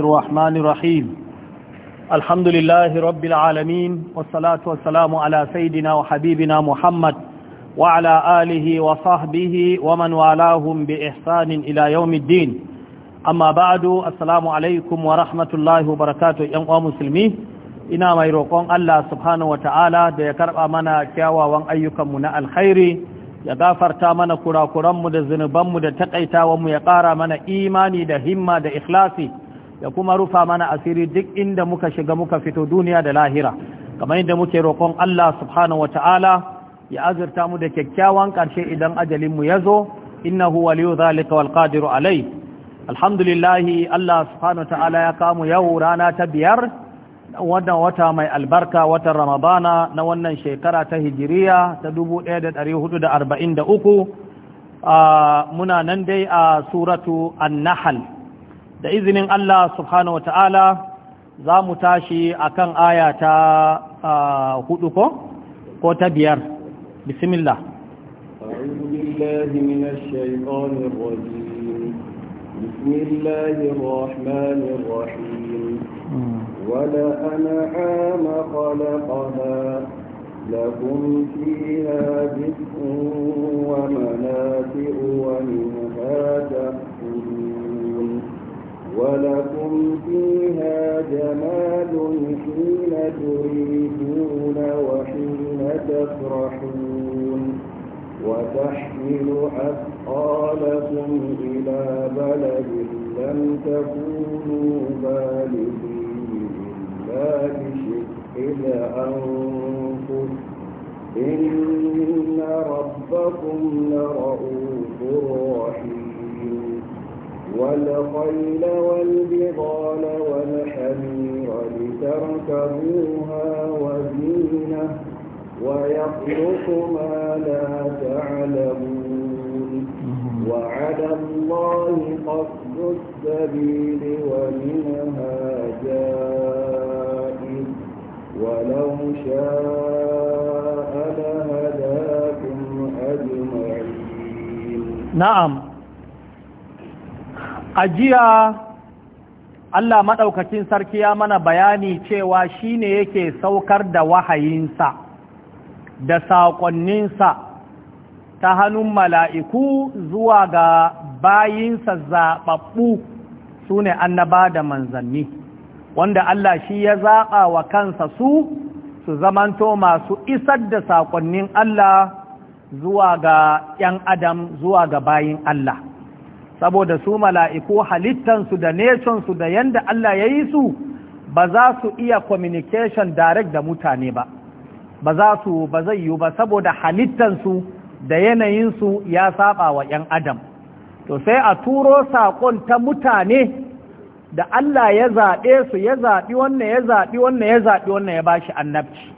الرحمن الرحيم الحمد لله رب العالمين والصلاة والسلام على سيدنا وحبيبنا محمد وعلى آله وصحبه ومن والاهم بإحسان إلى يوم الدين أما بعد السلام عليكم ورحمة الله وبركاته يا مسلمين ina mai roƙon Allah subhanahu wata'ala da ya karba mana kyawawan ayyukanmu na alkhairi ya gafarta mana kurakuranmu da zunubanmu da taƙaitawanmu ya ƙara mana imani da himma da ikhlasi ya kuma rufa mana asiri duk inda muka shiga muka fito duniya da lahira kamar yadda muke roƙon Allah subhanahu wata'ala ya azurta mu da kyakkyawan ƙarshe idan ajalin mu yazo innahu waliyu zalika wal qadiru alai alhamdulillah Allah subhanahu wata'ala ya kamu yau rana ta biyar wannan wata mai albarka watan ramadana na wannan shekara ta hijiriya ta 1443 ah, muna nan dai a suratu an-nahl da izinin Allah subhanahu wata'ala za mu tashi a kan aya hudu ko ta biyar bismillah بسم الله الرحمن الرحيم ولا انا عام خلقها لكم فيها دفء ومنافئ ومنها تحفظ ولكم فيها جمال حين تريدون وحين تفرحون وتحمل أثقالكم إلى بلد لم تكونوا بالغين إلا بشق الأنفس إن ربكم لرؤوف رحيم والخيل والبغال والحمير لتركبوها وزينة ويخلق ما لا تعلمون وعلى الله قصد السبيل ومنها جائز ولو شاء لهداكم أجمعين نعم a jiya Allah maɗaukacin sarki ya mana bayani cewa shi ne yake saukar da wahayinsa da saƙonninsa ta hannun mala'iku zuwa ga bayinsa zaɓaɓɓu su ne annaba da manzanni wanda Allah shi ya zaɓa wa kansa su su zamanto masu isar da saƙonnin Allah zuwa ga ‘yan adam zuwa ga bayin Allah. saboda su mala'iku halittansu da nesonsu da yanda Allah ya yi su ba za su iya communication direct da mutane ba ba za su ba zai yi ba saboda halittansu da yanayinsu ya saba wa ‘yan adam to sai a turo saƙon ta mutane da Allah ya zaɓe su ya zaɓi wannan ya zaɓi wannan ya zaɓi wannan ya bashi annabci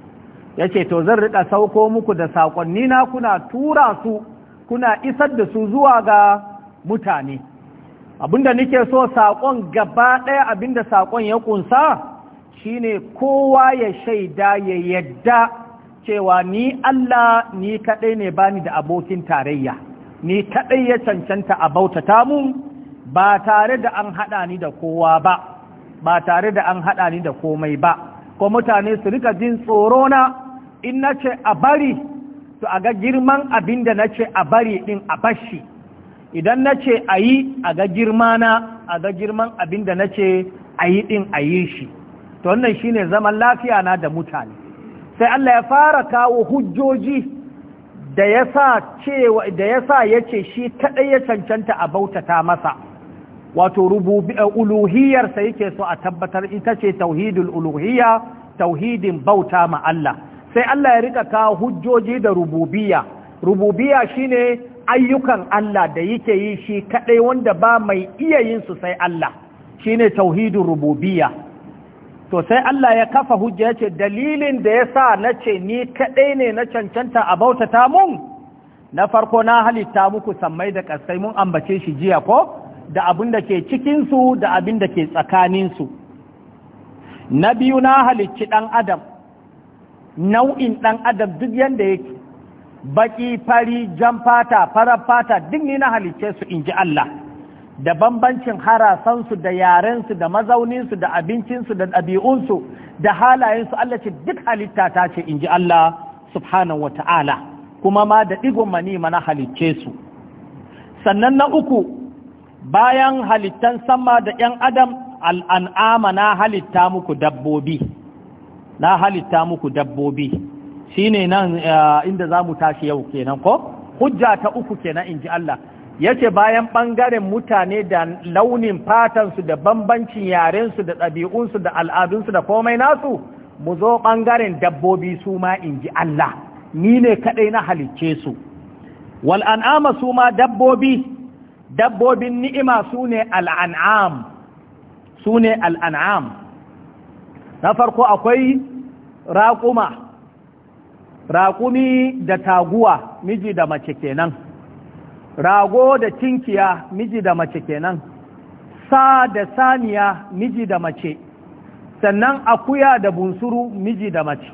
ya ce to zan riƙa sauko muku da saƙonni na kuna tura su kuna isar da su zuwa ga mutane abinda nike so saƙon gaba ɗaya abinda saƙon ya ƙunsa shine kowa ya shaida ya yadda cewa ni Allah ni kaɗai ne bani da abokin tarayya ni kaɗai ya cancanta a bautata mu, ba tare da an haɗa ni da kowa ba ba tare da an haɗa ni da komai ba ko mutane su rika jin tsoro na in nace a bari to a ga girman abin da nace a bari ɗin a bashi idan na ce a yi a ga girmana a ga girman abin da na ce a yi ɗin a yi shi to wannan shi ne zaman lafiya na da mutane sai Allah ya fara kawo hujjoji da ya sa ya ce shi kaɗai ya cancanta a bautata masa wato eh, uluhiyarsa yake so a tabbatar ita ce tauhidul uluhiyya tauhidin bauta ma Allah sai Allah ya rika kawo hujjoji da rububiya rububiya shine ayyukan Allah da yake yi shi kaɗai wanda ba mai iya yin su sai Allah shine tauhidin rububiya. to sai Allah ya kafa hujja yace dalilin da ya sa na ce ni kaɗai ne na cancanta a bautata mun na farko na halitta muku sammai da kasai mun ambace shi jiya ko da abin da ke cikinsu da abin da ke tsakaninsu. na biyu na halicci ɗan adam nau'in ɗan adam duk yadda yake baki fari jan fata farar fata duk ne na halicce su inji Allah da bambancin harasansu da yarensu da mazauninsu da abincinsu da ɗabi'unsu da halayensu Allah ce duk halitta ta ce inji Allah subhanahu wa ta'ala kuma ma da ɗigon mani mana halicce su sannan na uku bayan halittan sama da ‘yan adam al'an'ama na halitta muku dabbobi na halitta muku dabbobi shine nan eh, inda zamu tashi yau kenan ko hujja ta uku kenan inji Allah yace bayan ɓangaren mutane da launin fatansu da bambancin yarensu, da ɗabi'unsu da al'adunsu, da komai nasu mu zo ɓangaren dabbobi su ma inji Allah ni ne kaɗai na halicce su wal su ma dabbobi dabbobin ni'ima su ne al'an'am su ne al'an'am na farko akwai raƙuma raƙumi da taguwa miji da mace kenan rago da cinkiya miji da mace kenan sa da saniya miji da mace sannan akuya da bunsuru miji da mace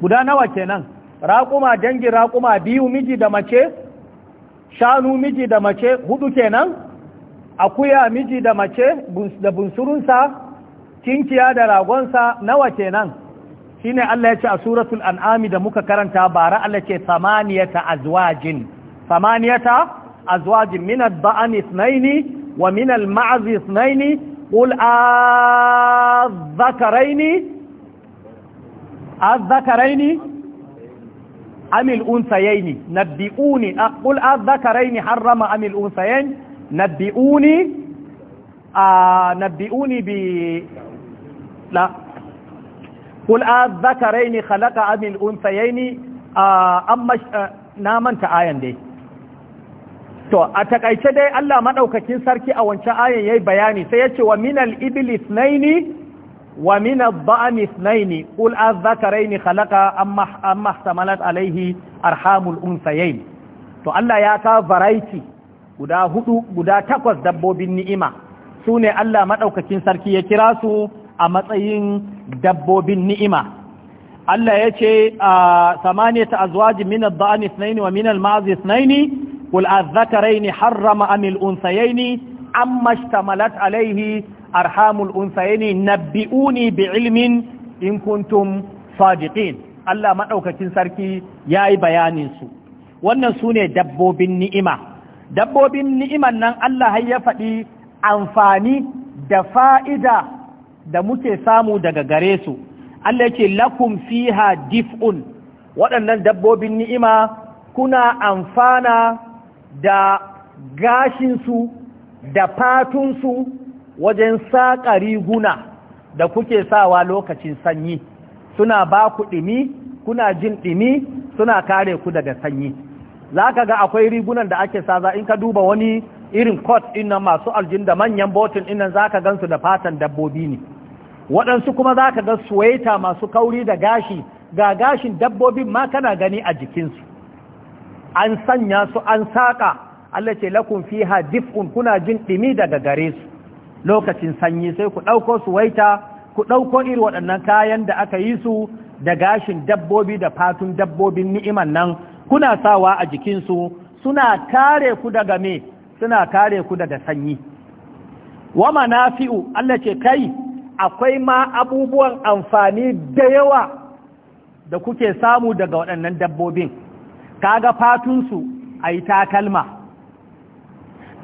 guda nawa kenan raƙuma dangi raƙuma biyu miji da mace shanu miji da mace hudu kenan akuya miji da mace da bunsurunsa cinkiya da ragonsa nawa kenan shine Allah ya ce a suratul an'ami da muka karanta bara Allah ce samaniyata azwajin samaniyata azwajin min ad-ba'an ithnaini wa min al-ma'z ithnaini qul adh-dhakaraini adh-dhakaraini am al-unthayaini nabbi'uni ah, qul adh-dhakaraini harrama am al-unthayain nabbi'uni ah, nabbi'uni bi la kul a zakarai ne halaka abin na manta ayan dai to a takaice dai Allah maɗaukakin sarki a wancan ayan ya bayani sai yace ce wa minal iblis naini wa minal ba'amis naini kul a zakarai ne halaka an mahtamalat alaihi arhamul unsaye to Allah ya ka variety guda hudu guda takwas dabbobin ni'ima sune Allah maɗaukakin sarki ya kira su a matsayin dabbobin ni'ima Allah ya ce a samaniyata azwaji min ad-da'an ithnayn wa min al-ma'z ithnayn qul adh harrama amil al-unthayayn amma ishtamalat alayhi arhamul unsayayn bi bi'ilmin in kuntum sadiqin Allah maɗaukacin sarki yayi bayanin su wannan sune dabbobin ni'ima dabbobin ni'iman nan Allah har ya faɗi amfani da fa'ida da muke samu daga gare su Allah ce lakum fiha dif'un waɗannan dabbobin ni'ima kuna amfana da gashinsu da fatunsu wajen saƙa riguna da kuke sawa lokacin sanyi suna ba ku ɗimi kuna jin ɗimi suna kare ku daga sanyi za ka ga akwai rigunan da ake saza in ka duba wani irin kot ɗin masu aljin da manyan botin ɗin nan za ka gansu da fatan dabbobi ne waɗansu kuma za ka ga suwaita masu kauri da gashi ga gashin dabbobi ma kana gani a jikinsu an sanya su an saƙa Allah ce lakun fi dif'un kuna jin ɗimi daga gare su lokacin sanyi sai ku ɗauko suwaita ku ɗauko iri waɗannan kayan da aka yi su da gashin dabbobi da fatun dabbobin ni'iman nan kuna sawa a jikinsu suna kare ku daga me suna kare ku daga sanyi wa manafi'u Allah ce kai akwai ma abubuwan amfani da yawa da kuke samu daga waɗannan dabbobin kaga fatunsu a yi takalma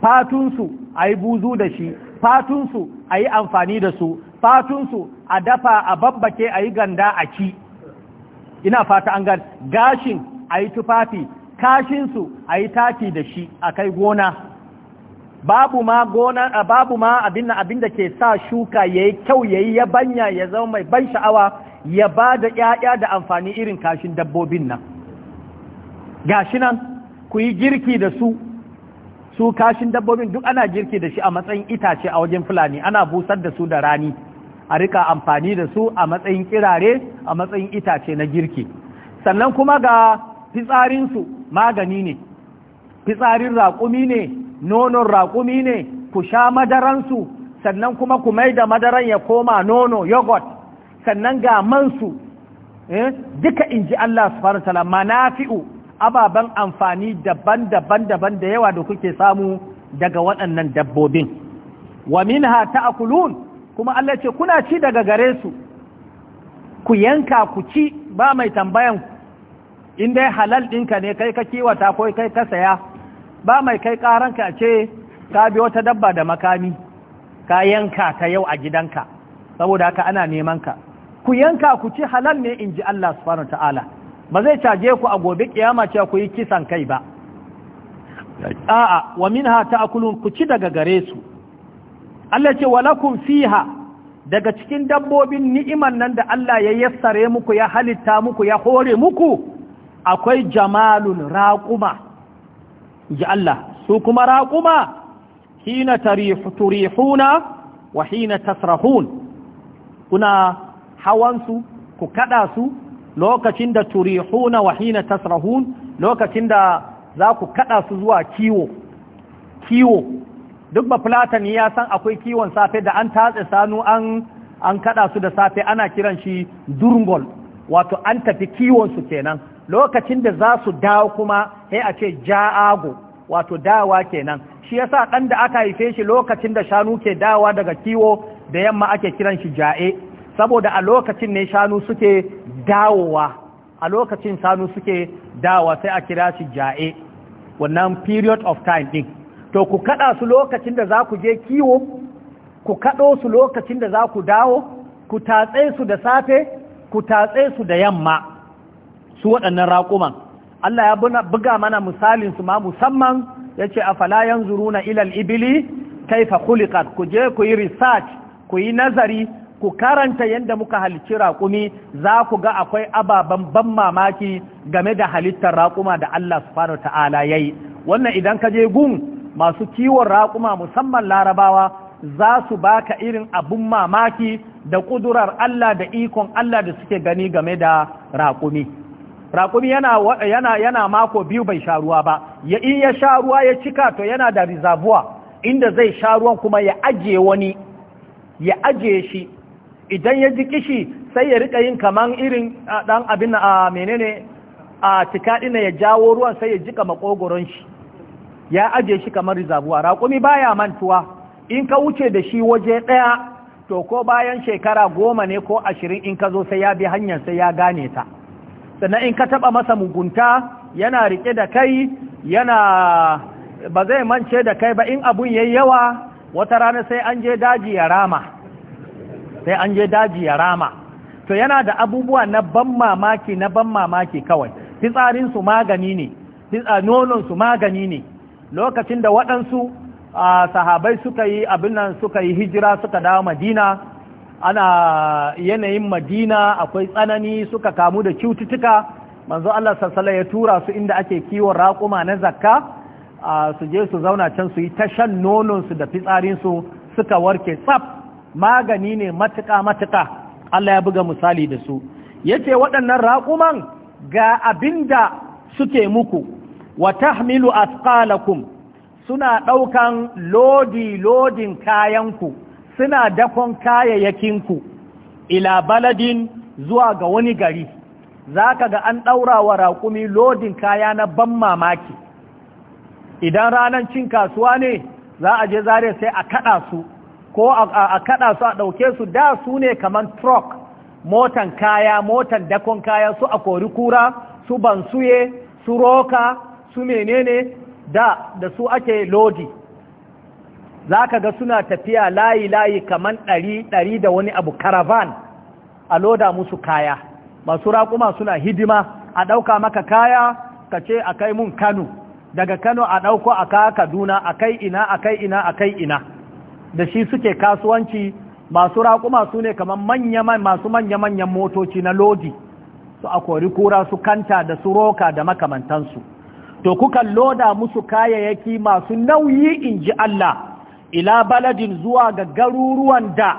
fatunsu a yi buzu da shi fatunsu a yi amfani da su fatunsu a dafa a babbake a yi ganda a ci ina fata an gan gashin a yi tufafi kashinsu a yi taki da shi a kai gona babu ma gona babu ma abin abin da ke sa shuka yayi kyau yayi yabanya ya zama mai ban sha'awa ya ba da ƴaƴa da amfani irin kashin dabbobin nan gashi nan ku yi girki da su su kashin dabbobin duk ana girki da shi a matsayin itace a wajen fulani ana busar da su da rani a rika amfani da su a matsayin kirare a matsayin itace na girki sannan kuma ga fitsarinsu magani ne fitsarin raƙumi ne nonon raƙumi ne ku sha madaransu sannan kuma ku mai da madaran ya koma nono yogurt sannan ga mansu eh, duka in ji Allah subhanahu wa manafi'u ababen amfani daban-daban daban da yawa da kuke samu daga waɗannan dabbobin wa minha ta'kulun kuma Allah ce kuna ci daga gare su ku yanka ku ci ba mai tambayan in dai halal ɗinka ne kai ka kiwata ko kai ka saya ba mai kai karanka a ce ka bi wata dabba da makami ka yanka ta yau a gidanka saboda haka ana neman ka ku yanka ku ci halal ne in ji Allah subhanahu ta'ala ba zai caje ku a gobe kiyama ce ku yi kisan kai ba a'a wa minha ta'kulun ku ci daga gare su Allah ce walakum fiha daga cikin dabbobin ni'iman nan da Allah ya yassare muku ya halitta muku ya hore muku akwai jamalun raƙuma. ji Allah su kuma raƙuma hina turihuna wa hina tasrahun kuna hawansu ku kada su lokacin da turihuna wa hina tasrahun lokacin da za ku kada su zuwa kiwo kiwo duk ba ya san akwai kiwon safe da an tatse sanu an an kada su da safe ana kiran shi durngol wato an tafi kiwon su kenan lokacin da za su dawo kuma sai a ce ja'ago wato dawa kenan shi yasa dan da aka haife shi lokacin da shanu ke dawa daga kiwo da yamma ake kiran shi ja'e saboda a lokacin ne shanu suke dawowa a lokacin shanu suke dawa sai a kira shi ja'e wannan period of time ɗin to ku kaɗa su lokacin da za ku je kiwo ku kaɗo su lokacin da za ku dawo ku tatse su da safe ku tatse su da yamma su waɗannan raƙuman Allah ya buga mana misalin su ma musamman ya ce a afala runa ilal ibili kaifa khuliqat ku je ku yi research ku yi nazari ku karanta yadda muka halicci raƙumi za ku ga akwai ababen ban mamaki game da halittar raƙuma da Allah subhanahu ta'ala ya yi wannan idan ka je gun masu kiwon raƙuma musamman larabawa za su baka irin abun mamaki da ƙudurar Allah da ikon Allah da suke gani game da raƙumi raƙumi yana, yana, yana mako biyu bai sha ruwa ba ya in ya sha ruwa ya cika to yana da rizabuwa inda zai sha ruwan kuma ya ajiye wani ya ajiye shi idan ya ji kishi sai ya rika yin kaman irin ɗan abin a menene a tikaɗina ya jawo ruwan sai ya jika makogoron shi ya ajiye shi kamar rizabuwa raƙumi baya mantuwa in ka wuce da shi waje ɗaya to ko bayan shekara goma ne ko ashirin in ka zo sai ya bi hanyar sai ya gane ta sannan in ka taba masa mugunta yana rike da kai yana ba zai mance da kai ba in abun yayi yawa wata rana sai an je daji ya rama sai an je daji ya rama to yana da abubuwa na ban mamaki na ban mamaki kawai fitsarin su magani ne nonon su magani ne lokacin da waɗansu sahabai suka yi abin nan suka yi hijira suka dawo madina ana yanayin madina akwai tsanani suka kamu da cututtuka manzo Allah sassala ya tura su inda ake kiwon raƙuma na zakka su je su zauna can su yi tashan nononsu da fitsarinsu suka warke tsaf magani ne matuka matuka Allah ya buga misali da su yace waɗannan raƙuman ga abinda suke muku wa tahmilu asqalakum suna ɗaukan lodi lodin kayanku suna dakon kayayyakin ku ila baladin zuwa ga wani gari za ka ga an ɗaura wa raƙumi lodin kaya na ban mamaki idan ranar cin kasuwa ne za a je zare sai a kaɗa su ko a kaɗa su a ɗauke su da su ne kamar truck motan kaya motan dakon kaya su a kori kura su bansuye su roka su menene da da su ake lodi za ka ga suna tafiya layi-layi kamar ɗari-ɗari da wani abu karavan a loda musu kaya masu raƙuma suna hidima a ɗauka maka kaya ka ce a kai mun kano daga kano a ɗauko a kaya kaduna a kai ina a kai ina a kai ina da shi suke kasuwanci masu raƙuma su ne kamar masu manya-manyan motoci na lodi su a kori kura su kanta da su roka da makamantansu to kukan loda musu kayayyaki masu nauyi in ji Allah ila baladin zuwa ga garuruwan da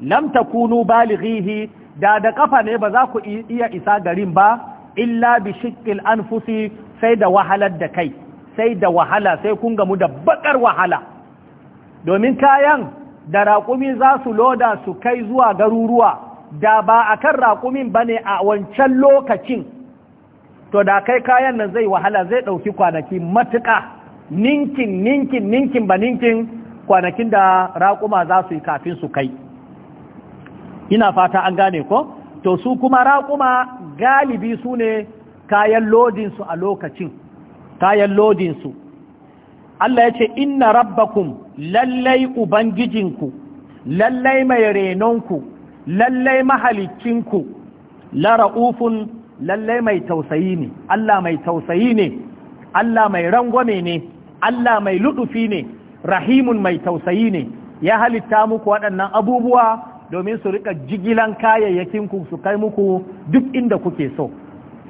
lam takunu balighihi da da kafa ne ba za ku iya isa garin ba illa bi shiqqil anfusi sai da wahalar da kai sai da wahala sai kun gamu da bakar wahala domin kayan da raƙumi za su loda su kai zuwa garuruwa da ba a kan raƙumin ba ne a wancan lokacin to da kai kayan nan zai wahala zai ɗauki kwanaki matuƙa ninkin ninkin ninkin ba ninkin kwanakin da raƙuma za su yi kafin su kai ina fata an gane ko to su kuma raƙuma galibi su ne kayan lodinsu a lokacin kayan lodinsu Allah ya ce inna rabbakum lallai ubangijinku lallai mai renonku lallai mahalicinku lara'ufun lallai mai tausayi ne Allah mai tausayi ne Allah mai rangwame ne Allah mai luɗufi ne rahimun mai tausayi ne ya halitta muku waɗannan abubuwa domin su rika jigilan kayayyakin ku su kai muku duk inda kuke so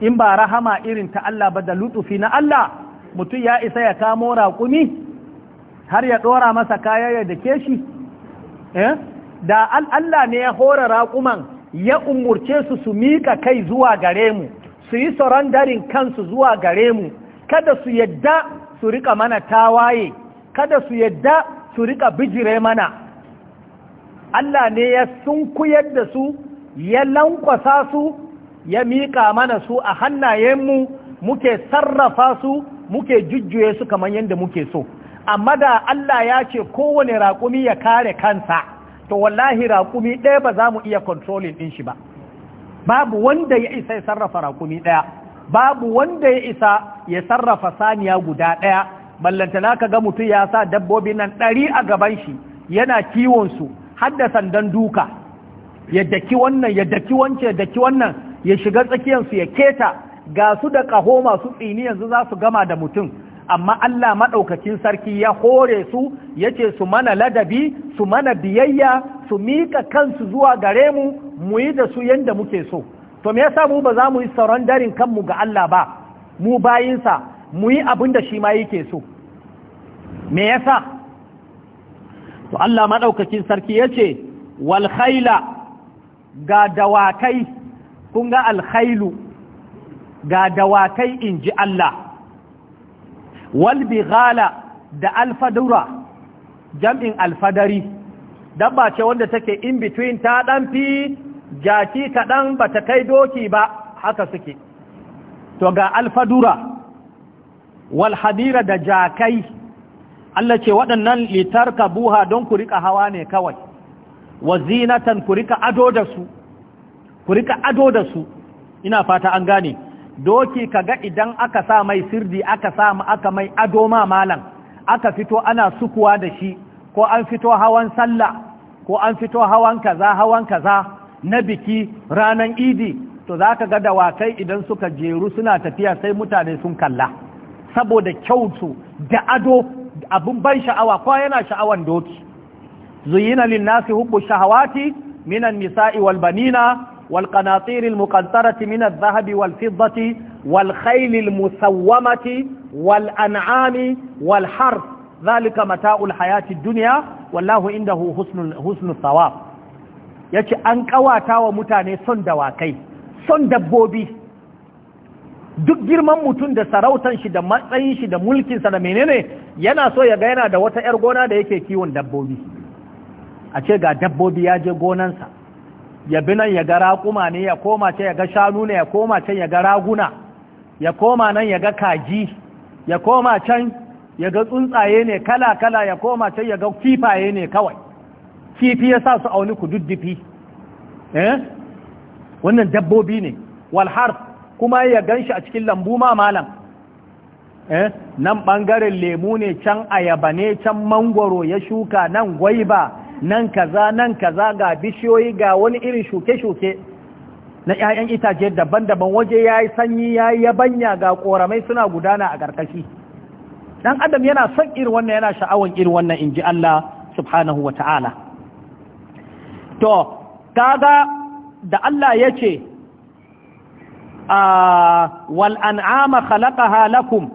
in ba rahama irin ta Allah ba da lutufi na Allah mutum ya isa ya kamo raƙumi har ya ɗora masa kayayya eh? da ke shi da Allah ne ya hora raƙuman ya umurce su su miƙa kai zuwa gare mu su yi darin kansu zuwa gare mu kada su yadda su rika mana tawaye kada su yadda su rika bijire mana Allah ne ya sunkuyar da su ya lankwasa su ya miƙa mana su a hannayenmu muke sarrafa su muke jujjuye su kamar yadda muke so amma da Allah ya ce kowane raƙumi ya kare kansa to wallahi raƙumi ɗaya ba za mu iya controlling ɗin shi ba babu wanda ya isa ya sarrafa raƙumi ɗaya babu wanda ya isa ya sarrafa saniya guda ɗaya ballantana ka ga mutum ya sa dabbobin nan ɗari a gaban shi yana kiwonsu su sandan duka ya daki wannan ya daki wance ya daki wannan ya shiga tsakiyarsu ya keta ga su da ƙaho masu tsini yanzu za su gama da mutum amma Allah maɗaukacin sarki ya hore su ya ce su mana ladabi su mana biyayya su miƙa kansu zuwa gare mu mu yi da su yadda muke so to me yasa mu ba za mu yi sauran darin kanmu ga Allah ba mu bayinsa mu yi abin da shi ma yake so me yasa to Allah madaukakin sarki yace wal khayla ga dawakai kun ga al ga dawakai inji Allah wal bighala da alfadura jam'in alfadari dabba ce wanda take in between ta dan fi jaki kaɗan ba ta kai doki ba haka suke to ga alfadura wal hadira da jakai Allah ce waɗannan ka buha don ku rika hawa ne kawai wa zinatan ku rika ado da su ku rika ado da su ina fata an gane doki kaga idan aka sa mai sirdi aka sa aka mai ado ma malam aka fito ana sukuwa da shi ko an fito hawan sallah ko an fito hawan kaza hawan kaza na biki ranan idi to zaka ga dawakai idan suka jeru suna tafiya sai mutane sun kalla saboda kyautu da ado abun ban sha'awa kwa yana sha'awan doki zuyina lin nasi hubbu shahawati minan nisa'i wal banina wal qanatiril muqantarati min adh-dhahabi wal fiddati wal khaylil musawwamati wal an'ami wal harf dhalika mata'ul hayati dunya wallahu indahu husnul husnul thawab yace an kawata wa mutane son dawakai son dabbobi duk girman mutum da sarautan shi da matsayin shi da mulkinsa da menene yana so ya ga yana da wata 'yar gona da yake kiwon dabbobi a ce ga dabbobi ya je gonansa ya bi nan ya ga raƙuma ne ya koma ce ya ga shanu ne ya koma can ya ga raguna ya koma nan ya ga kaji ya koma can ya ga tsuntsaye ne kala kala ya koma can ya ga kifaye ne kawai kifi ya sa su auni ku duddufi eh wannan dabbobi ne walhar kuma ya gan shi a cikin lambu ma malam eh, nan ɓangaren lemu ne can ayaba ne can mangwaro ya shuka nan gwaiba nan kaza nan kaza ga bishiyoyi ga wani irin shuke-shuke na 'ya'yan itace daban-daban waje ya yi sanyi ya yi yabanya ga ƙoramai suna gudana a ƙarƙashi ɗan adam yana son irin wannan yana sha'awan irin wannan in ji Allah subhanahu wa ta'ala to kaga da Allah ya ce wal an'ama khalaqaha lakum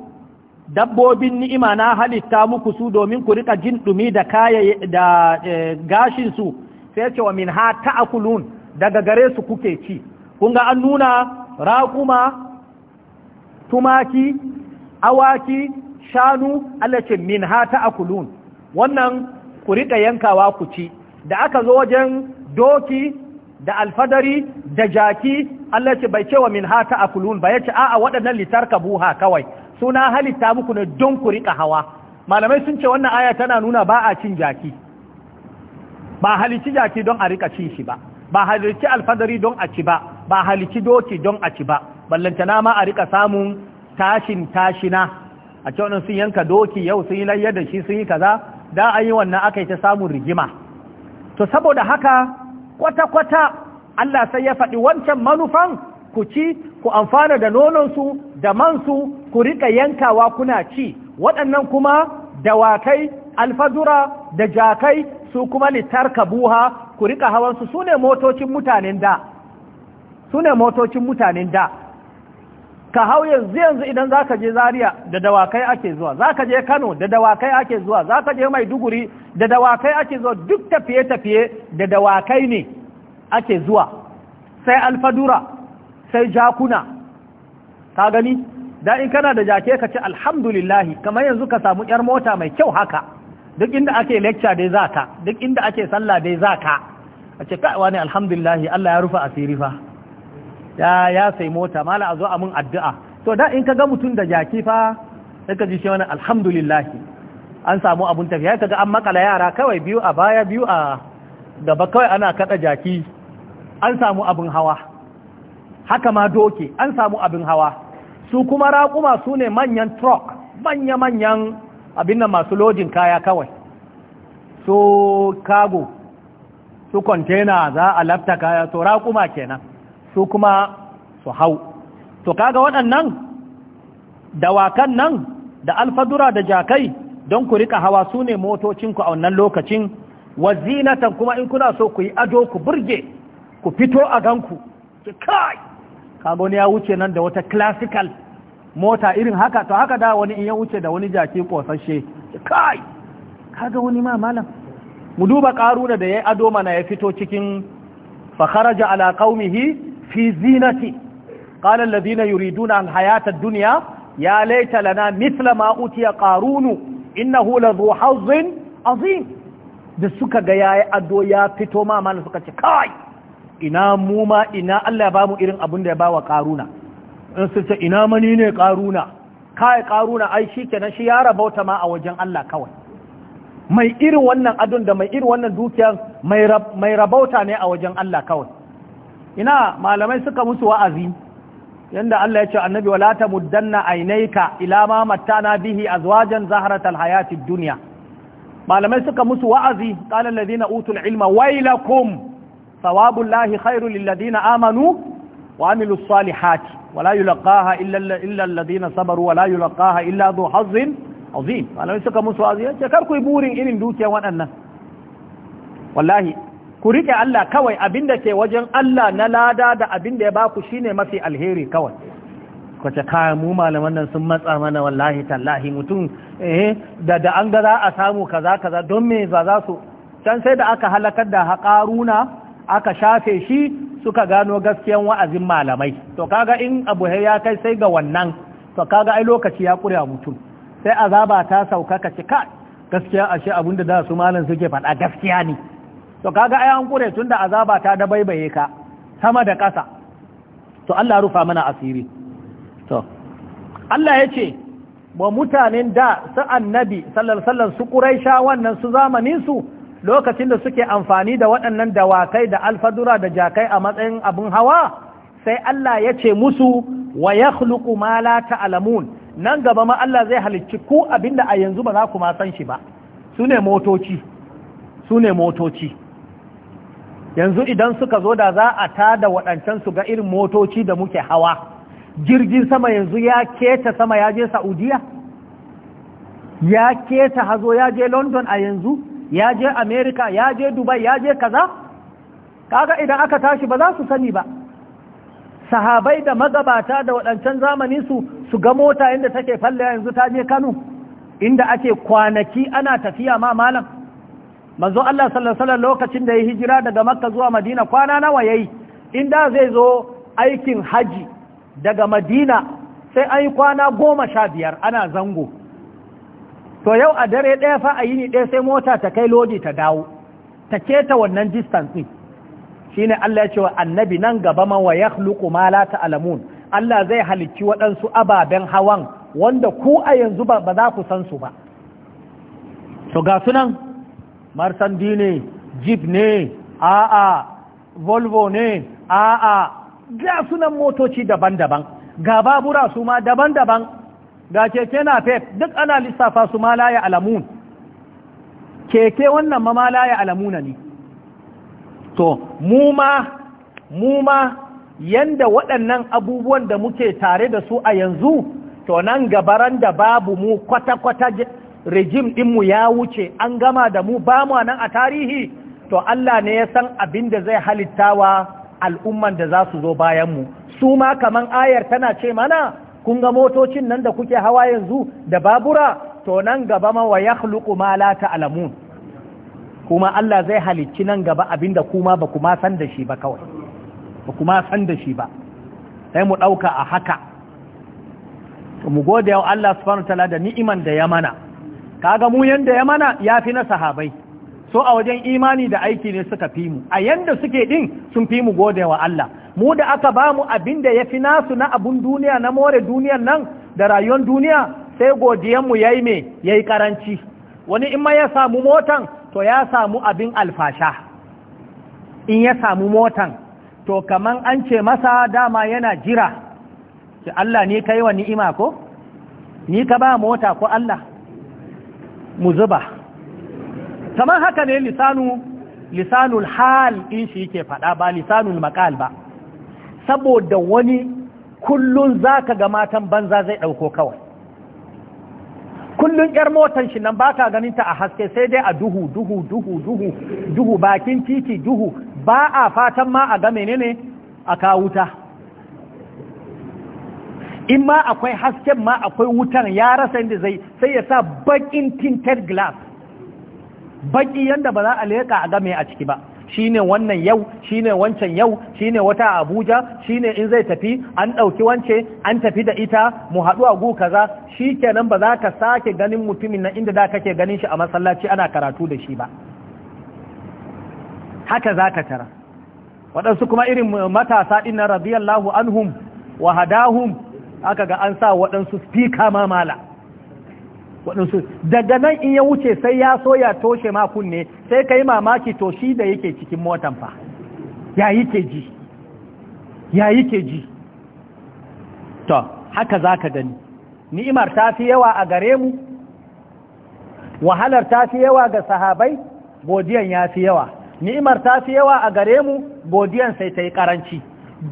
dabbobin ni'ima na halitta muku su domin ku rika jin dumi da kaya da gashin su sai ce min ha ta'kulun daga gare su kuke ci kun ga an nuna raƙuma tumaki awaki shanu Allah ce min ha ta'kulun wannan ku rika yankawa ku ci da aka zo wajen doki da alfadari da jaki Allah ce bai cewa min hata akulun ba ya ce a'a waɗannan litarka buha kawai suna halitta muku ne don ku rika hawa malamai sun ce wannan aya tana nuna ba a cin jaki ba halici jaki don a rika cin shi ba ba halici alfadari don a ci ba ba halici doki don a ci ba ballantana ma a rika samun tashin tashina a ce wannan sun yanka doki yau sun yi layyar da shi sun yi kaza da an yi wannan aka yi ta samun rigima to saboda haka kwata-kwata Allah sai ya faɗi wancan manufan ku ci ku amfana da nononsu da mansu ku riƙa yankawa kuna ci waɗannan kuma dawakai alfazura da jakai su kuma littarka buha ku riƙa hawansu su ne motocin mutanen da su ne motocin mutanen da ka hau yanzu yanzu idan za ka je zaria da dawakai ake zuwa za ka je kano da dawakai ake zuwa za ka je maiduguri da dawakai ake zuwa duk tafiye-tafiye da dawakai ne ake zuwa sai alfadura sai jakuna ka gani da in kana da jake ka ce alhamdulillahi kamar yanzu ka samu yar mota mai kyau haka duk inda ake lecture dai zaka duk inda ake sallah dai zaka a ce kai wani alhamdulillahi Allah ya rufa asiri fa ya ya sai mota mala a zo a mun addu'a to da in ka ga mutum da jaki fa sai ka ji shi wani alhamdulillahi an samu abun tafiya ka an makala yara kawai biyu a baya biyu a gaba kawai ana kada jaki an samu abin hawa haka ma doke an samu abin hawa su kuma raƙuma su ne manyan truck manya-manyan abin nan masu lodin kaya kawai su kago su container za a lafta kaya to raƙuma kenan su kuma su hau to kaga waɗannan dawakan nan da alfadura da jakai don ku rika hawa su ne motocinku a wannan lokacin wazinatan kuma in kuna so ku yi ado ku burge ku fito a ganku kai kaga wani ya wuce nan da wata classical mota irin haka to haka da wani in ya wuce da wani jaki kosashe kai kaga wani ma malam mu duba karuna da yayi ado mana ya fito cikin fa kharaja ala qaumihi fi zinati qala alladhina yuriduna al hayata ad-dunya ya laita lana mithla ma utiya qarunu innahu la dhu hazzin azim da suka ga yayi ado ya fito ma malam suka ce kai ina mu ma ina Allah ya ba mu irin abin da ya ba wa karuna in su ce ina mani ne karuna kai ƙaruna ai shi kenan shi ya rabauta ma a wajen Allah kawai mai irin wannan adon da mai irin wannan dukiyar mai rabauta ne a wajen Allah kawai ina malamai suka musu wa'azi yanda Allah ya ce annabi wala mudanna ainaika ila ma mattana bihi azwajan zahratal hayatid dunya malamai suka musu wa'azi qala alladhina utul ilma wailakum thawabullahi khairu lilladina amanu wa amilu salihati wala yulqaha illa illa alladina sabaru wala yulqaha illa dhu hazzin azim malamai suka musu aziya ce kar ku irin dukiyar waɗannan wallahi ku rike Allah kawai abinda ke wajen Allah na lada da abinda ya baku shine mafi alheri kawai kwace kai, mu malaman nan sun matsa mana wallahi tallahi mutum eh da da an ga za a samu kaza kaza don me za za su can sai da aka halakar da haƙaruna aka shafe shi suka gano gaskiyan wa'azin malamai to kaga in abu ya kai sai ga wannan to kaga ai lokaci ya kure mutum sai azaba ta sauka ka ci ka gaskiya ashe abin da su malam suke faɗa gaskiya ne to kaga ai an kure tunda azaba ta da baibaye ka sama da ƙasa to Allah rufa mana asiri to Allah ya ce wa mutanen da su annabi sallallahu alaihi wasallam su quraisha wannan su zamanin su lokacin da suke amfani da waɗannan dawakai da alfadura da jakai a matsayin abin hawa sai Allah ya ce musu wa ya ma la alamun nan gaba ma Allah zai halicci ku abinda a yanzu ba za ku ma san shi ba su ne motoci su motoci yanzu idan suka zo da za a tada waɗancan su ga irin motoci da muke hawa jirgin sama yanzu ya keta sama ya je Saudiya ya keta hazo ya je London a yanzu ya je amerika ya je dubai ya je kaza kaga idan aka tashi ba za su sani ba sahabai da magabata da waɗancan zamani su su ga mota inda take falle yanzu ta je kano inda ake kwanaki ana tafiya ma malam manzo Allah sallallahu alaihi lokacin da ya hijira daga makka zuwa madina kwana nawa yayi inda zai zo aikin haji daga madina sai an yi kwana goma sha biyar ana zango to yau a dare ɗaya fa a yi ni ɗaya sai mota ta kai lodi ta dawo ta keta wannan distance ɗin shine Allah ya ce wa annabi nan gaba ma wa yakhluqu ma la ta'lamun Allah zai halicci waɗansu ababen hawan wanda ku a yanzu ba za ku san su ba to ga sunan marsandi ne jeep ne a'a volvo ne a'a ga sunan motoci daban-daban ga babura su ma daban-daban ga keke na fef duk ana lissafa su ma la ya alamun keke wannan ma ma la ya alamuna ne to mu ma yanda waɗannan abubuwan da muke tare da su a yanzu to nan gabaran da babu mu kwata-kwata rejim ɗinmu ya wuce an gama da mu ba mu nan a tarihi to Allah ne ya san abin da zai halittawa al'umman da za su zo bayanmu su ma kaman ayar tana ce mana kun ga motocin nan da kuke hawa yanzu da babura to nan gaba ma wa yakhluqu ma la ta'lamun kuma Allah zai halicci nan gaba abinda kuma ba kuma san da shi ba kawai ba kuma san da shi ba sai mu dauka a haka to mu gode wa Allah subhanahu ta'ala da ni'iman da ya mana kaga mu yanda ya mana yafi na sahabai. so a wajen imani da aiki ne suka fi mu a yanda suke din sun fi mu gode wa Allah mu da aka ba mu abin da ya fi nasu na abun duniya na more duniyan nan da rayuwar duniya sai godiyan mu yayi me yayi karanci wani in ma ya samu motan to ya samu abin alfasha in ya samu motan to kaman an ce masa dama yana jira ki Allah ne kai wa ni'ima ko ni ka ba mota ko Allah mu zuba kamar haka ne lisanu lisanul hal in shi yake faɗa ba lisanu maqal ba saboda wani kullun zaka ga matan banza zai ɗauko kawai kullun yar motan shi nan baka ganin ta a haske sai dai a duhu duhu duhu duhu duhu bakin titi duhu ba a fatan ma a ga menene a kawuta in ma akwai hasken ma akwai wutan ya rasa inda zai sai ya sa bakin tinted glass baki yanda ba za a leƙa a game a ciki ba shine wannan yau shine wancan yau shine wata abuja shine in zai tafi an ɗauki wance an tafi da ita mu haɗu a gu kaza shi kenan ba za ka sake ganin mutumin nan inda da kake ganin shi a masallaci ana karatu da shi ba haka za ka tara waɗansu kuma irin matasa ɗin na radiyallahu anhum wa hadahum aka ga an sa waɗansu spika ma mala waɗansu daga nan in ya wuce sai ya so ya toshe ma kunne sai ka yi mamaki to shi da yake cikin motan fa ya yi ke ji ya yi ke ji to haka za ka gani ni'imar ta fi yawa a gare mu wahalar ta fi yawa ga sahabai godiyan ya fi yawa ni'imar ta fi yawa a gare mu godiyan sai ta yi karanci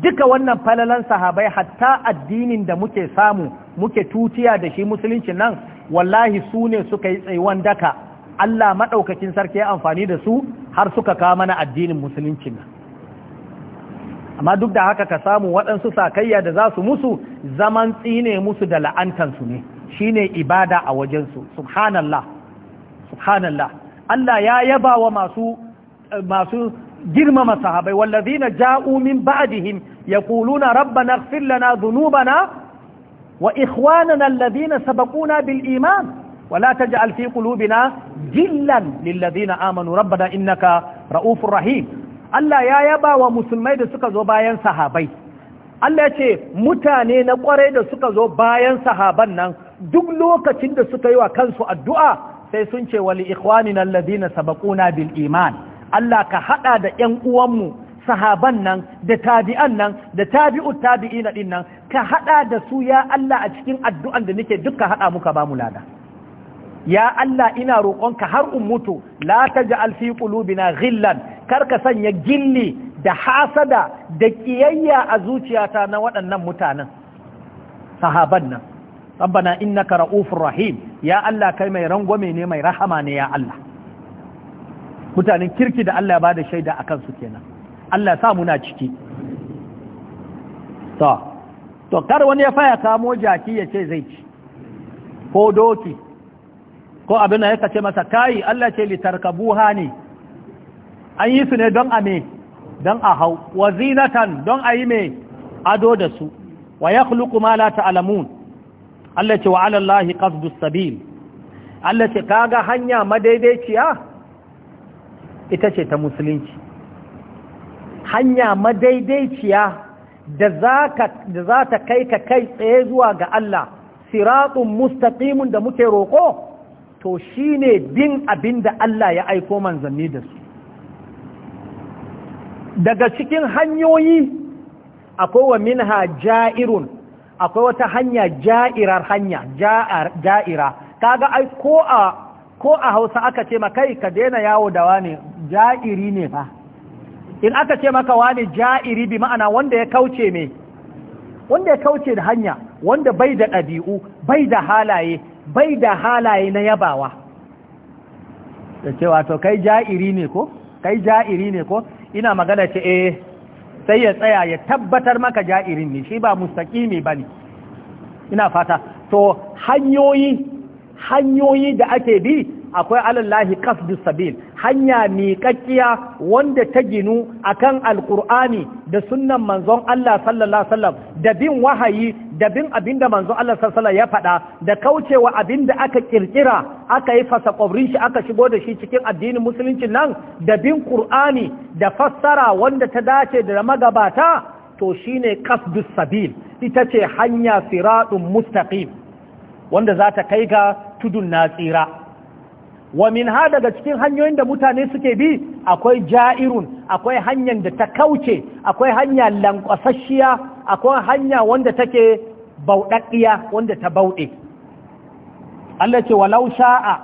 duka wannan falalan sahabai hatta addinin da muke samu muke tutiya da shi musulunci nan wallahi su ne suka yi tsaiwan daka Allah maɗaukakin sarki ya amfani da su har suka kawo mana addinin musuluncin amma duk da haka ka samu waɗansu sakayya da za su musu zaman tsine musu da la'antansu ne shine ibada a wajensu subhanallah subhanallah Allah ya yaba wa masu masu girmama sahabai wallazina ja'u min ba'dihim yaquluna rabbana ighfir lana dhunubana wa ikhwanana alladhina sabaquna bil iman ولا تجعل في قلوبنا جلا للذين آمنوا ربنا إنك رؤوف رحيم Allah ya yabawa musulmai da suka zo bayan sahabai Allah ce mutane na kwarai da suka zo bayan sahaban nan duk lokacin da suka yi wa kansu addu'a sai sun ce wali ikhwanina alladhina sabaquna bil iman Allah ka hada da ƴan uwanmu sahaban nan da tabi'an nan da tabi'ut tabi'ina din nan ka haɗa da su ya Allah a cikin addu'an da nake duka haɗa muka ba mu lada ya Allah ina roƙonka har in mutu la taj'al fi qulubina ghillan kar ka sanya gilli da hasada da ƙiyayya a zuciyata na waɗannan mutanen sahaban nan in innaka ra'ufur rahim ya Allah kai mai rangwame ne mai rahama ne ya Allah mutanen kirki da Allah bada shaida akan su kenan Allah ya sa muna ciki to to kar wani ya faya kamo jaki ya ce zai ci ko doki ko abin da ya kace masa kayi Allah ce tarkabu ne an yi su ne don a me don a hau wa zinatan don a yi me ado da su wa yakhluqu ma la ta'lamun Allah ce wa 'ala Allah qasdu sabil Allah ce kaga hanya madaidaiciya ita ce ta musulunci hanya madaidaiciya da za ta kai ka kai tsaye zuwa ga Allah siratun mustaqimun da muke roƙo to shi ne bin abin da Allah ya aiko manzanni da su daga cikin hanyoyi akwai wa minha ja'irun akwai wata hanya ja'irar hanya ja'ira kaga ai ko a Hausa aka ce ma kai ka daina yawo da wani ja'iri ne ba. in aka ce maka wani ja'iri bi ma'ana wanda ya kauce me wanda ya kauce da hanya wanda bai da ɗabi'u bai da halaye bai da halaye na yabawa da cewa to kai ja'iri ne ko kai ja'iri ne ko ina magana ce eh sai ya tsaya ya tabbatar maka ja'irin ne shi ba mustaqimi bane ina fata to hanyoyi hanyoyi da ake bi akwai alallahi qasdus sabil hanya miƙaƙƙiya wanda ta ginu akan Alƙur'ani da sunnan manzon Allah sallallahu alaihi da bin wahayi da bin abinda manzon Allah sallallahu ya faɗa da kaucewa abinda aka kirkira aka yi fasakobrin shi aka shigo da shi cikin addinin musulunci nan da bin qur'ani da fassara wanda ta dace da magabata to shine qasdus sabil ita ce hanya siratun mustaqim wanda za ta kai ga tudun na tsira wa min ha daga cikin hanyoyin da mutane suke bi akwai ja'irun akwai hanyar da ta kauce akwai hanya lankwasasshiya akwai hanya wanda take bauɗaɗɗiya wanda ta bauɗe Allah ce walau sha'a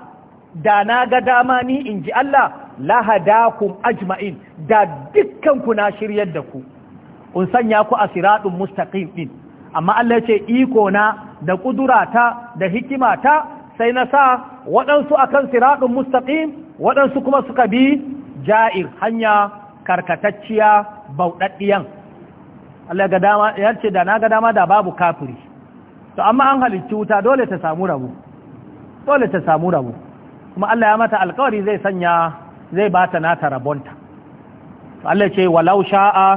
da na ga dama ni in ji Allah lahadakum ajma'in da ku na shiryar da ku kun sanya ku a siradun mustaqim din amma Allah ce iko na da kudurata da hikimata sai na sa waɗansu kan siraɗin mustaƙim waɗansu kuma suka bi ja'ir hanya karkatacciya bauɗaɗɗiyan Allah ga yace da na ga dama da babu kafiri to amma an halicci wuta dole ta samu rabu dole ta samu rabu kuma Allah ya mata alkawari zai sanya zai bata nata rabonta Allah ce walau sha'a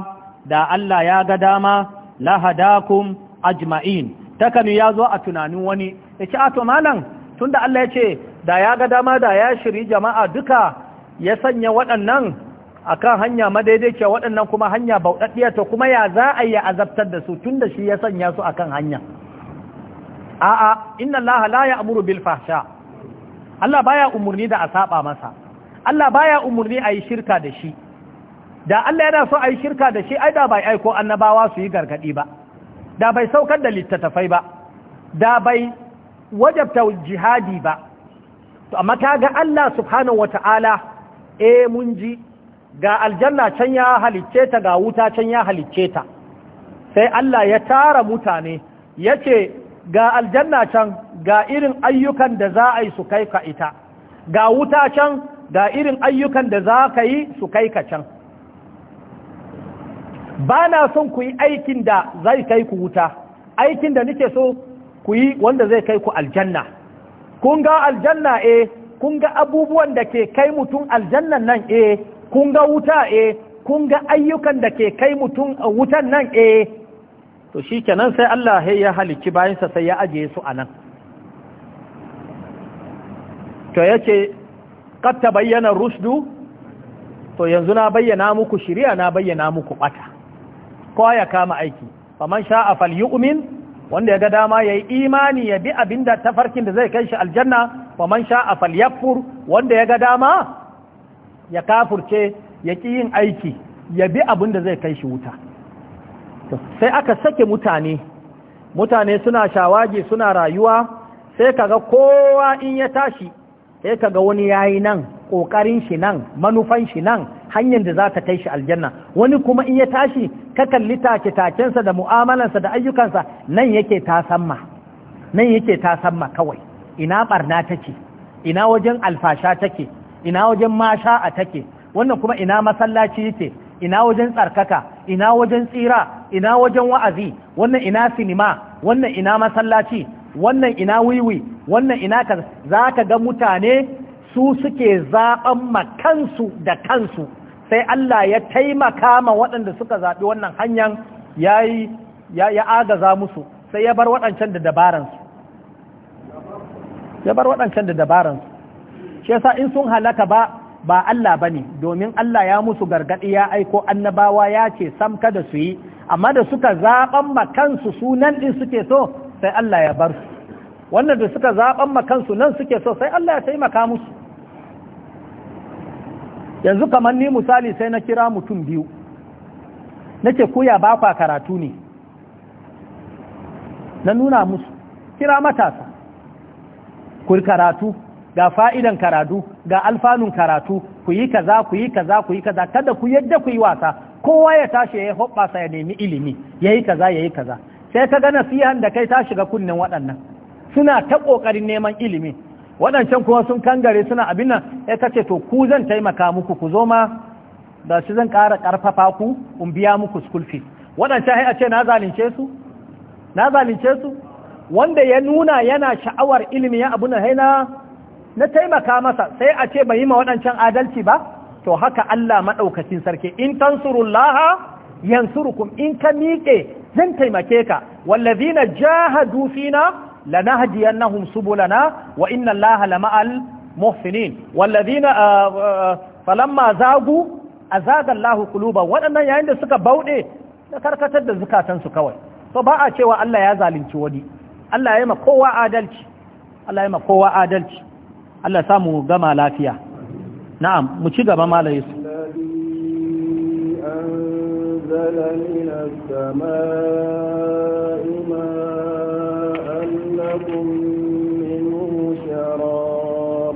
da Allah ya ga dama lahadakum ajma'in takanu ya zo a tunanin wani ya ce ato malam tunda Allah ya ce da ya ga dama da ya shiri jama'a duka ya sanya waɗannan a kan hanya madaidaiciya waɗannan kuma hanya bauɗaɗɗiya to kuma ya za a yi azabtar da su tunda shi ya sanya su a kan hanya a'a inna Allah la amuru bil fahsha Allah baya umurni da a saba masa Allah baya umurni a yi shirka da shi da Allah yana so a yi shirka da shi ai da bai aiko annabawa su yi gargadi ba da bai saukar da littattafai ba da bai wajabta jihadi ba to amma ga Allah subhanahu wata'ala eh mun ji ga aljanna can ya halicce ta ga wuta can ya halicce ta sai Allah ya tara mutane yace ga aljanna can ga irin ayyukan da za a yi su kai ka ita ga wuta can ga irin ayyukan da za ka yi su kai ka can ba na son ku yi aikin da zai kai ku wuta aikin da nike so ku yi wanda zai kai ku aljanna kun ga aljanna eh kun ga abubuwan da ke kai mutum aljannan nan eh kun ga wuta eh kun ga ayyukan da ke kai mutum eh, wutan nan eh to shi kenan sai Allah ya halicci bayansa sai ya ajiye su a nan to ya ce ta bayyana rusdu to yanzu na bayyana muku shirya na bayyana muku bata ko ya kama aiki faman sha'a falyu'min wanda ya ga dama ya yi imani ya bi abin da tafarkin da zai kai shi aljanna wa man sha a falyafur wanda ya ga dama ya kafurce ya ki yin aiki ya bi abin da zai kai shi wuta sai aka sake mutane mutane suna shawagi suna rayuwa sai kaga kowa in ya tashi sai kaga wani yayi nan ƙoƙarin shi nan manufan shi nan hanyar da za ka kai shi aljanna wani kuma in ya tashi ka kalli take-takensa da mu'amalansa da ayyukansa nan yake ta samma nan yake ta samma kawai ina barna take ina wajen alfasha take ina wajen a take wannan kuma ina masallaci yake ina wajen tsarkaka ina wajen tsira ina wajen wa'azi wannan ina sinima wannan ina masallaci wannan ina wiwi wannan ina ka za ka ga mutane su suke zaɓan ma kansu da kansu sai Allah ya taimaka ma waɗanda suka zaɓi wannan hanyar ya yi ya agaza musu sai ya bar waɗancan da dabaransu ya bar waɗancan da dabaransu shi yasa in sun halaka ba ba Allah ba ne domin Allah ya musu gargaɗi ya aiko annabawa ya ce sam kada su yi amma da suka zaɓan ma kansu sunan ɗin suke so sai Allah ya bar su wannan da suka zaɓan ma kansu nan suke so sai Allah ya taimaka musu yanzu kamar ni misali sai na kira mutum biyu nake koya ba kwa karatu ne na nuna musu kira matasa ku karatu ga fa'idan karatu ga alfanun karatu ku yi kaza ku yi kaza ku yi kaza kada ku yadda ku yi wasa kowa ya tashi ya yi hoɓasa ya nemi ilimi ya yi kaza ya yi kaza sai ka ga siyan da kai ta shiga kunnen waɗannan suna ta ƙoƙarin neman ilimi waɗancan kuma sun kangare suna abin nan ya kace to ku zan taimaka muku ku zo ma da shi zan ƙara ƙarfafa ku in biya muku school fees waɗancan a ce na zalunce su na zalunce su wanda ya nuna yana sha'awar ilimi ya abu na na taimaka masa sai a ce bai ma waɗancan adalci ba to haka Allah maɗaukacin sarki in tansurullah yansurukum in ka miƙe zan taimake ka wallazina jahadu fina لنهدينهم سبلنا وإن الله لمع المحسنين والذين فلما زاغوا أزاغ الله قلوبهم waɗannan yayin da suka bauɗe da karkatar da zukatansu kawai to ba a cewa Allah ya zalunci wani Allah ya ma kowa adalci Allah ya ma kowa adalci Allah samu gama lafiya na'am mu ci gaba malam su أنزل من السماء ماء لكم منه شراب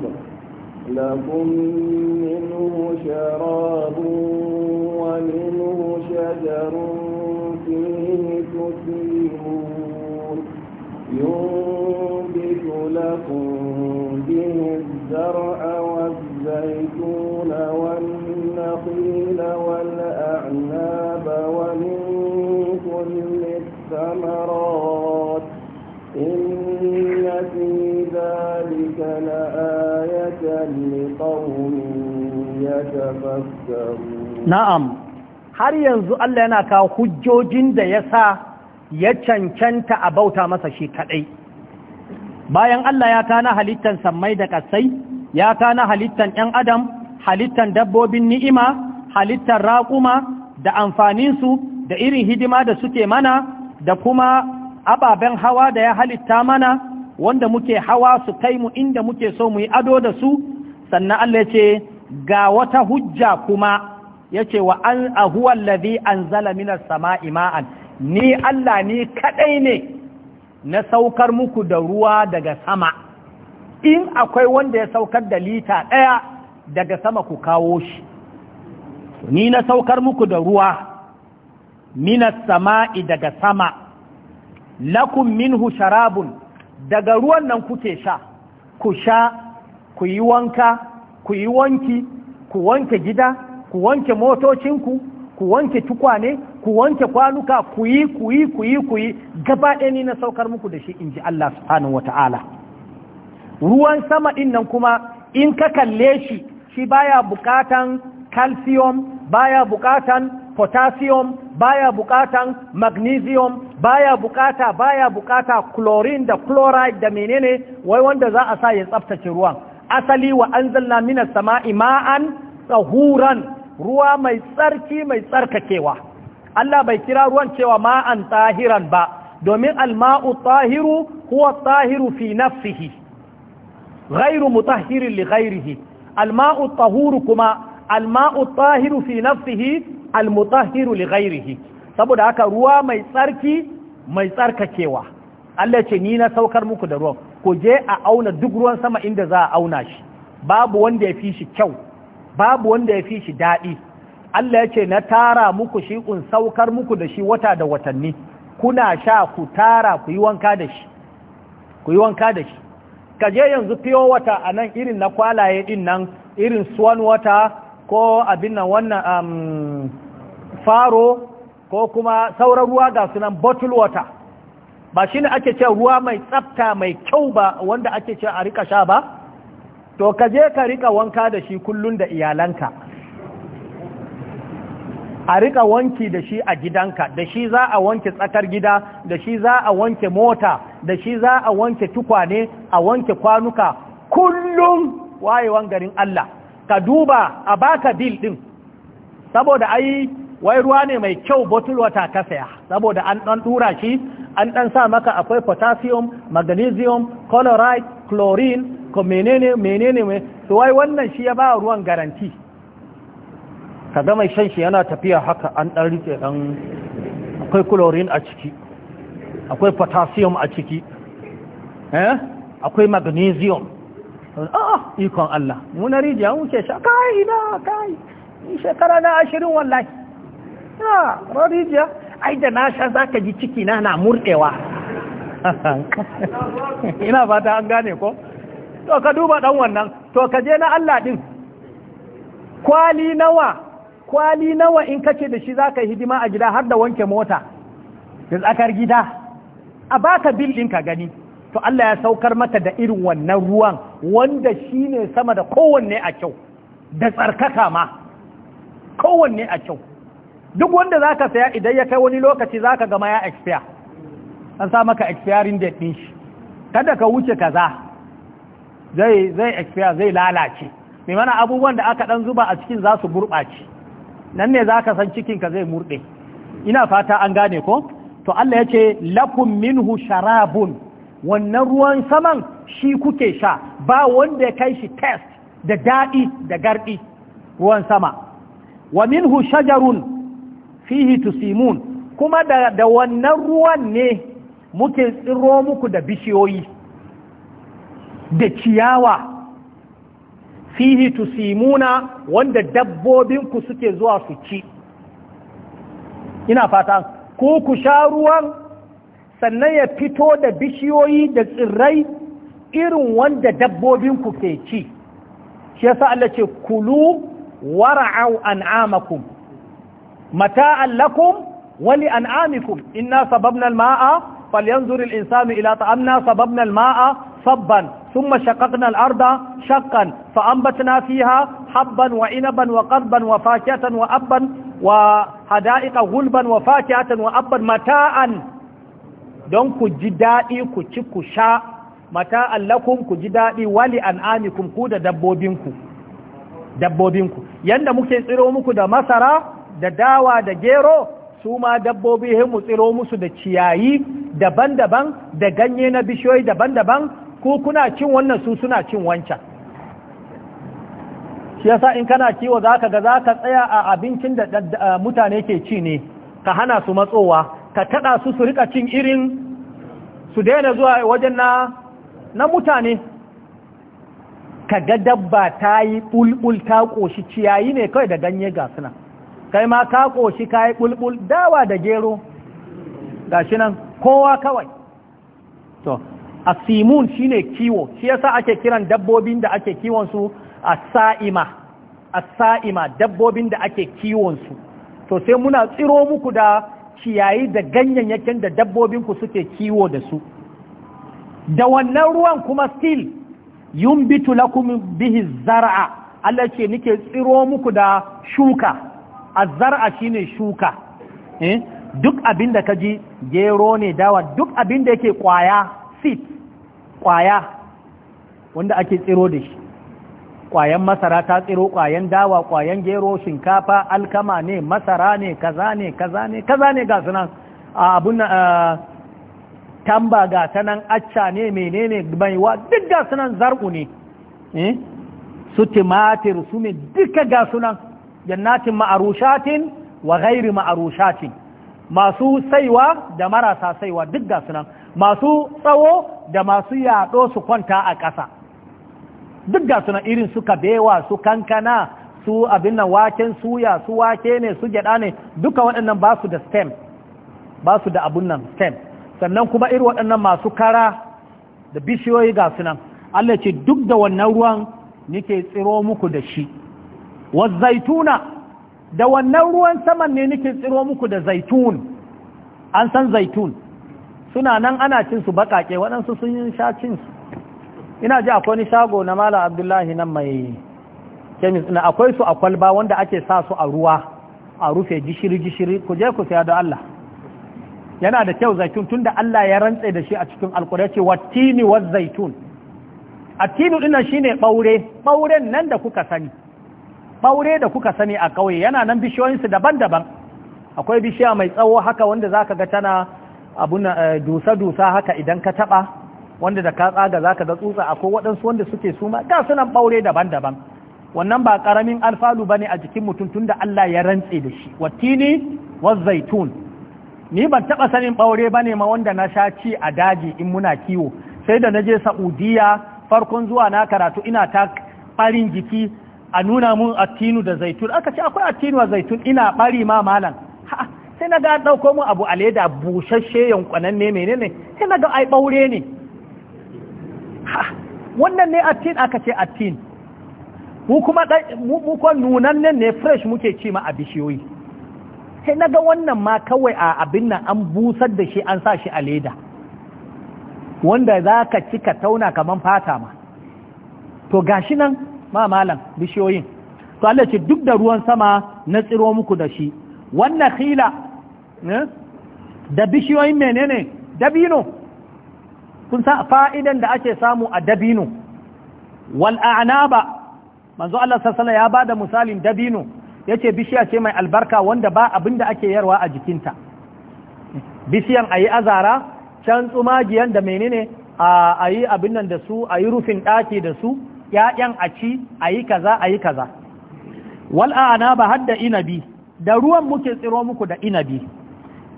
لكم منه شراب ومنه شجر فيه تسيمون ينبت لكم به الزرع والزيتون والنخيل والأعناب ومن كل الثمرات ذلك لآية لقوم يتفكرون نعم har yanzu Allah yana kawo hujjojin da ya sa ya cancanta a bauta masa shi kaɗai bayan Allah ya kana halittan sammai da ƙasai ya kana halittan ‘yan adam halittan dabbobin ni'ima halittan raƙuma da amfaninsu da irin hidima da suke mana da kuma ababen hawa da ya halitta mana wanda muke hawa su kai mu inda muke so mu yi ado da su sannan Allah ya ce ga wata hujja kuma ya ce wa an ahuwa an anzala minar sama'i ma'an ni Allah ni kadai ne na saukar muku da ruwa daga sama in akwai wanda ya saukar da lita ɗaya daga sama ku kawo shi ni na saukar muku da ruwa minas sama'i daga sama lakum minhu sharabun daga ruwan nan kuke sha ku sha ku yi wanka ku yi wanki ku wanke gida ku wanke motocinku ku wanke tukwane ku wanke kwanuka ku yi ku yi ku yi ku yi gaba ɗaya ni na saukar muku da shi in ji Allah subhanahu ta'ala ruwan sama ɗin nan kuma in ka kalle shi shi baya bukatan calcium baya buƙatan potassium baya bukatan magnesium baya bukata baya bukata chlorine da chloride da menene wai wanda za a sa ya tsaftace ruwan asali wa anzalna minas sama'i ma'an tahuran ruwa mai tsarki mai tsarkakewa Allah bai kira ruwan cewa ma'an tahiran ba domin alma'u tahiru huwa tahiru fi nafsihi ghairu mutahhirin li ghairihi alma'u tahuru kuma alma'u tahiru fi nafsihi almutahhiru li ghairihi saboda haka ruwa mai tsarki mai tsarkakewa Allah ce ni na saukar muku da ruwan ku je a auna duk ruwan sama inda za a auna shi babu wanda ya fi shi kyau babu wanda ya fi shi daɗi Allah ya ce na tara muku shi kun saukar muku da shi wata da watanni kuna sha ku tara ku yi wanka da shi ku yi wanka da shi ka je yanzu fiyo wata a nan irin na kwalaye din nan irin suwan wata ko abin nan wannan um, faro ko kuma sauran ruwa ga sunan bottle water ba shi ne ake cewa ruwa mai tsafta mai kyau ba wanda ake cewa a rika sha ba to ka je ka rika wanka da shi kullun da iyalanka a rika wanki da shi a gidanka da shi za a wanke tsakar gida da shi za a wanke mota da shi za a wanke tukwane a wanke kwanuka kullum wayewan garin Allah ka duba a baka bil din saboda ai wai ruwa ne mai kyau bottle water ta saya saboda an dan dura shi an dan sa maka akwai potassium magnesium chloride chlorine ko menene menene mai to wai wannan shi ya ba ruwan garanti ka ga mai shan shi yana tafiya haka an dan rike dan akwai chlorine a ciki akwai potassium a ciki eh akwai magnesium ah ikon Allah mu na rijiya muke sha kai na kai shekara na ashirin wallahi a rijiya ai da na za ka ji ciki na na murɗewa ina fata an gane ko to ka duba ɗan wannan to ka je na Allah ɗin kwali nawa kwali nawa in kace da shi za ka hidima a gida har da wanke mota da tsakar gida a baka bil ka gani to Allah ya saukar mata da irin wannan ruwan wanda shi ne sama da kowanne a kyau da tsarkaka ma kowanne a kyau duk wanda za ka saya idan ya kai wani lokaci za ka gama ya expire an sa maka expiring date ɗin shi kada ka wuce kaza zai zai expire zai lalace mai mana abubuwan da aka ɗan zuba a cikin za su gurɓace nan ne za ka san ka zai murɗe ina fata an gane ko to Allah ya ce lakum minhu sharabun wannan ruwan saman shi kuke sha ba wanda ya kai shi test da daɗi da garɗi ruwan sama wa minhu shajarun fihi tusimun kuma da, da wannan ruwan ne muke tsiro muku da bishiyoyi da ciyawa fihi tusimuna wanda dabbobinku suke zuwa su ci ina fata ko ku sha ruwan sannan ya fito da bishiyoyi da tsirrai irin wanda dabbobinku ke ci shi yasa Allah ce kulu wara'au an'amakum mata'an lakum wali an'amikum inna sababna al-ma'a falyanzur al-insanu ila ta'amna sababna al-ma'a sabban thumma shaqqaqna al-arda shaqqan fa'anbatna fiha habban wa inaban wa qarban wa fakihatan wa abban wa hada'iqa gulban wa fakihatan wa abban mata'an don ku ji dadi ku ci ku sha mata'an lakum ku ji dadi wali an'amikum ku da dabbobinku dabbobinku yanda muke tsiro muku da masara da dawa da gero su ma dabbobi mu tsiro musu da ciyayi daban-daban da ganye na bishiyoyi daban-daban ko kuna cin wannan su suna cin wancan shi yasa in kana kiwo za ka ga za ka tsaya a abincin da mutane ke ci ne ka hana su matsowa ka taɗa su su rika cin irin su daina zuwa wajen na na mutane ka ga dabba ta yi ɓulɓul ta ƙoshi ciyayi ne kawai da ganye ga suna kai ma ka ƙoshi kayi yi ɓulɓul dawa da gero Ga shi nan kowa kawai to a asimun shine kiwo shi yasa ake kiran dabbobin da ake kiwon su a sa'ima dabbobin da ake kiwon su to sai muna tsiro muku da ciyayi da ganyayyakin da dabbobin ku suke kiwo da su da wannan ruwan kuma yun bitu lakumin bihi zara'a. Allah ce nike tsiro muku da shuka azzar'a shine shuka eh duk abin da kaji gero ne dawa duk abin da yake kwaya seed kwaya wanda ake tsiro da shi kwayan masara ta tsiro kwayan dawa kwayan gero shinkafa alkama ne masara ne kaza ne kaza ne kaza ne ga sunan abun tamba ga sanan acca ne menene wa duk ga sunan zarku ne su timatir su me duka ga sunan jannatin ma'arushatin wa ghairi ma'arushatin masu saiwa da marasa saiwa duk ga sunan masu tsawo da masu yaɗo su kwanta a ƙasa duk ga sunan irin su kabewa su kankana su abin nan waken suya su wake ne su gyaɗa ne duka waɗannan ba su da stem ba su da abun nan stem sannan kuma irin waɗannan masu kara da bishiyoyi ga sunan Allah ce duk da wannan ruwan nike tsiro muku da shi zaituna da wannan ruwan saman ne nake tsiro muku da zaitun an san zaitun suna nan ana cin su bakake waɗansu sun yi sha cin su ina ji akwai ni shago na mala abdullahi nan mai kemis ina akwai su a kwalba wanda ake sa su a ruwa a rufe gishiri gishiri ku je ku saya da Allah yana da kyau zaitun tunda Allah ya rantse da shi a cikin alkurai ce wattini wa zaitun attinu dinnan shine ɓaure ɓauren nan da kuka sani ɓaure da kuka sani a ƙauye yana nan bishiyoyinsu daban-daban akwai bishiya mai tsawo haka wanda za ka ga tana abun eh, dusa-dusa haka idan ka taɓa wanda da ka tsaga za ka ga tsutsa akwai waɗansu wanda suke suma ga sunan ɓaure daban-daban wannan ba ƙaramin alfalu ba ne a jikin mutum tun da Allah ya rantse da shi Watini, wa zaitun ni ban taɓa sanin ɓaure ba ne ma wanda na sha ci a daji in muna kiwo sai da na je sa'udiya farkon zuwa na karatu ina ta ɓarin jiki a nuna mun attinu da zaitun aka ce akwai attinu a zaitun ina bari ma malam sai na ga ɗauko mun abu a leda bushashe yankwanan ne menene sai na ga ai baure ne wannan ne attin aka ce attin mu kuma mu nunan nunannen ne fresh muke ci ma a bishiyoyi sai na ga wannan ma kawai a abin nan an busar da shi an sa shi a leda wanda za ka ci ka tauna kaman fata ma to gashi nan ma malam bishiyoyin to Allah ce duk da ruwan sama na tsiro muku da shi wannan khila da bishiyoyin menene dabino kun sa fa'idan da ake samu a dabino wal a'naba manzo Allah sassala ya ba da misalin dabino yace bishiya ce mai albarka wanda ba abin da ake yarwa a jikinta bishiyan a yi azara can tsumagiyan da menene a yi abin nan da su a yi rufin ɗaki da su ‘ya'yan a ci a yi kaza a yi kaza wal'ana ba hadda inabi da ruwan muke tsiro muku da inabi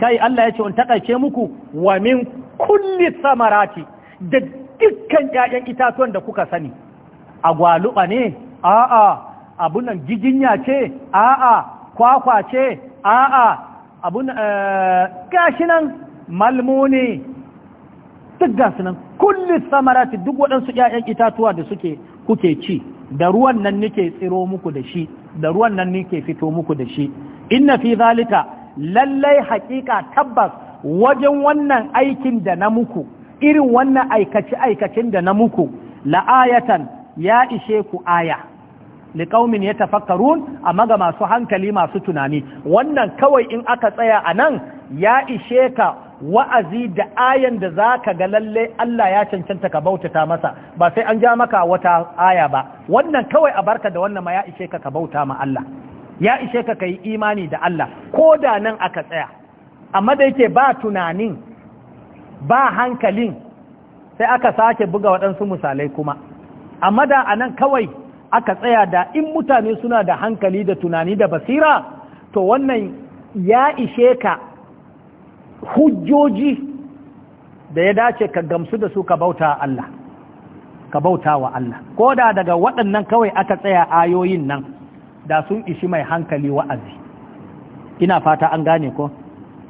kai Allah ya ce in taƙaice muku wa min kulli samarati da dukkan ‘ya'yan itatuwan da kuka sani gwaluɓa ne a'a abunan jijinya ce a'a kwakwa ce a'a abun eh, gashi nan malmu ne duk gasu nan kulli samarati duk waɗansu ‘ya'yan itatuwa da suke kuke ci da ruwan nan nike tsiro muku da shi da ruwan nan nike fito muku da shi inna fi zalika lallai hakika tabbas wajen wannan aikin da na muku irin wannan aikace aikacin da na muku la'ayatan ya ishe ku aya liƙaumin ya tafakkarun amma ga masu hankali masu tunani wannan kawai in aka tsaya a nan ya ishe ka wa'azi da ayan da za ka ga lalle Allah ya cancanta ka bautata masa ba sai an ja maka wata aya ba wannan kawai a barka da wannan ma ya ishe ka ka bauta ma Allah ya ishe ka ka yi imani da Allah ko da nan aka tsaya amma da yake ba tunanin ba hankalin sai aka sake buga waɗansu misalai kuma amma da a nan kawai aka tsaya da in mutane suna da hankali da tunani da basira to wannan ya ishe ka hujjoji da ya dace ka gamsu da su ka bauta Allah ka bauta wa Allah ko da daga waɗannan kawai aka tsaya ayoyin nan da sun ishi mai hankali wa'azi ina fata an gane ko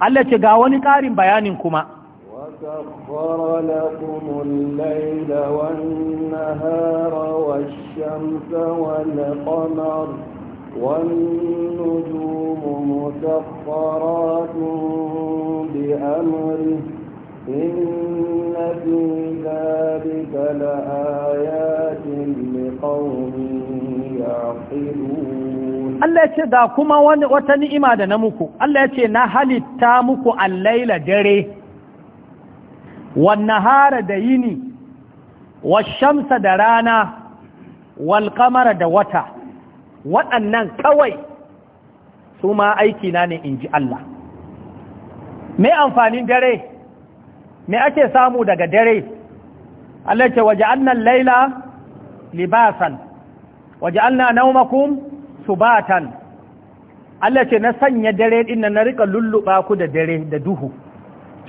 Allah ce ga wani ƙarin bayanin kuma وسخر لكم الليل والنهار والشمس والقمر والنجوم مسخرات بأمره إن في ذلك لآيات لقوم يعقلون الله يتي دا كما wata ni'ima da na muku Allah yace na halitta muku al'aila dare wan nahara da yini wash shamsa da rana wal da wata waɗannan kawai su ma aiki na ne in ji Allah me amfanin dare me ake samu daga dare Allah ce waje annan laila libasan waje annan naumakum subatan Allah ce na sanya dare ɗin na riƙa lulluɓa ku da dare da duhu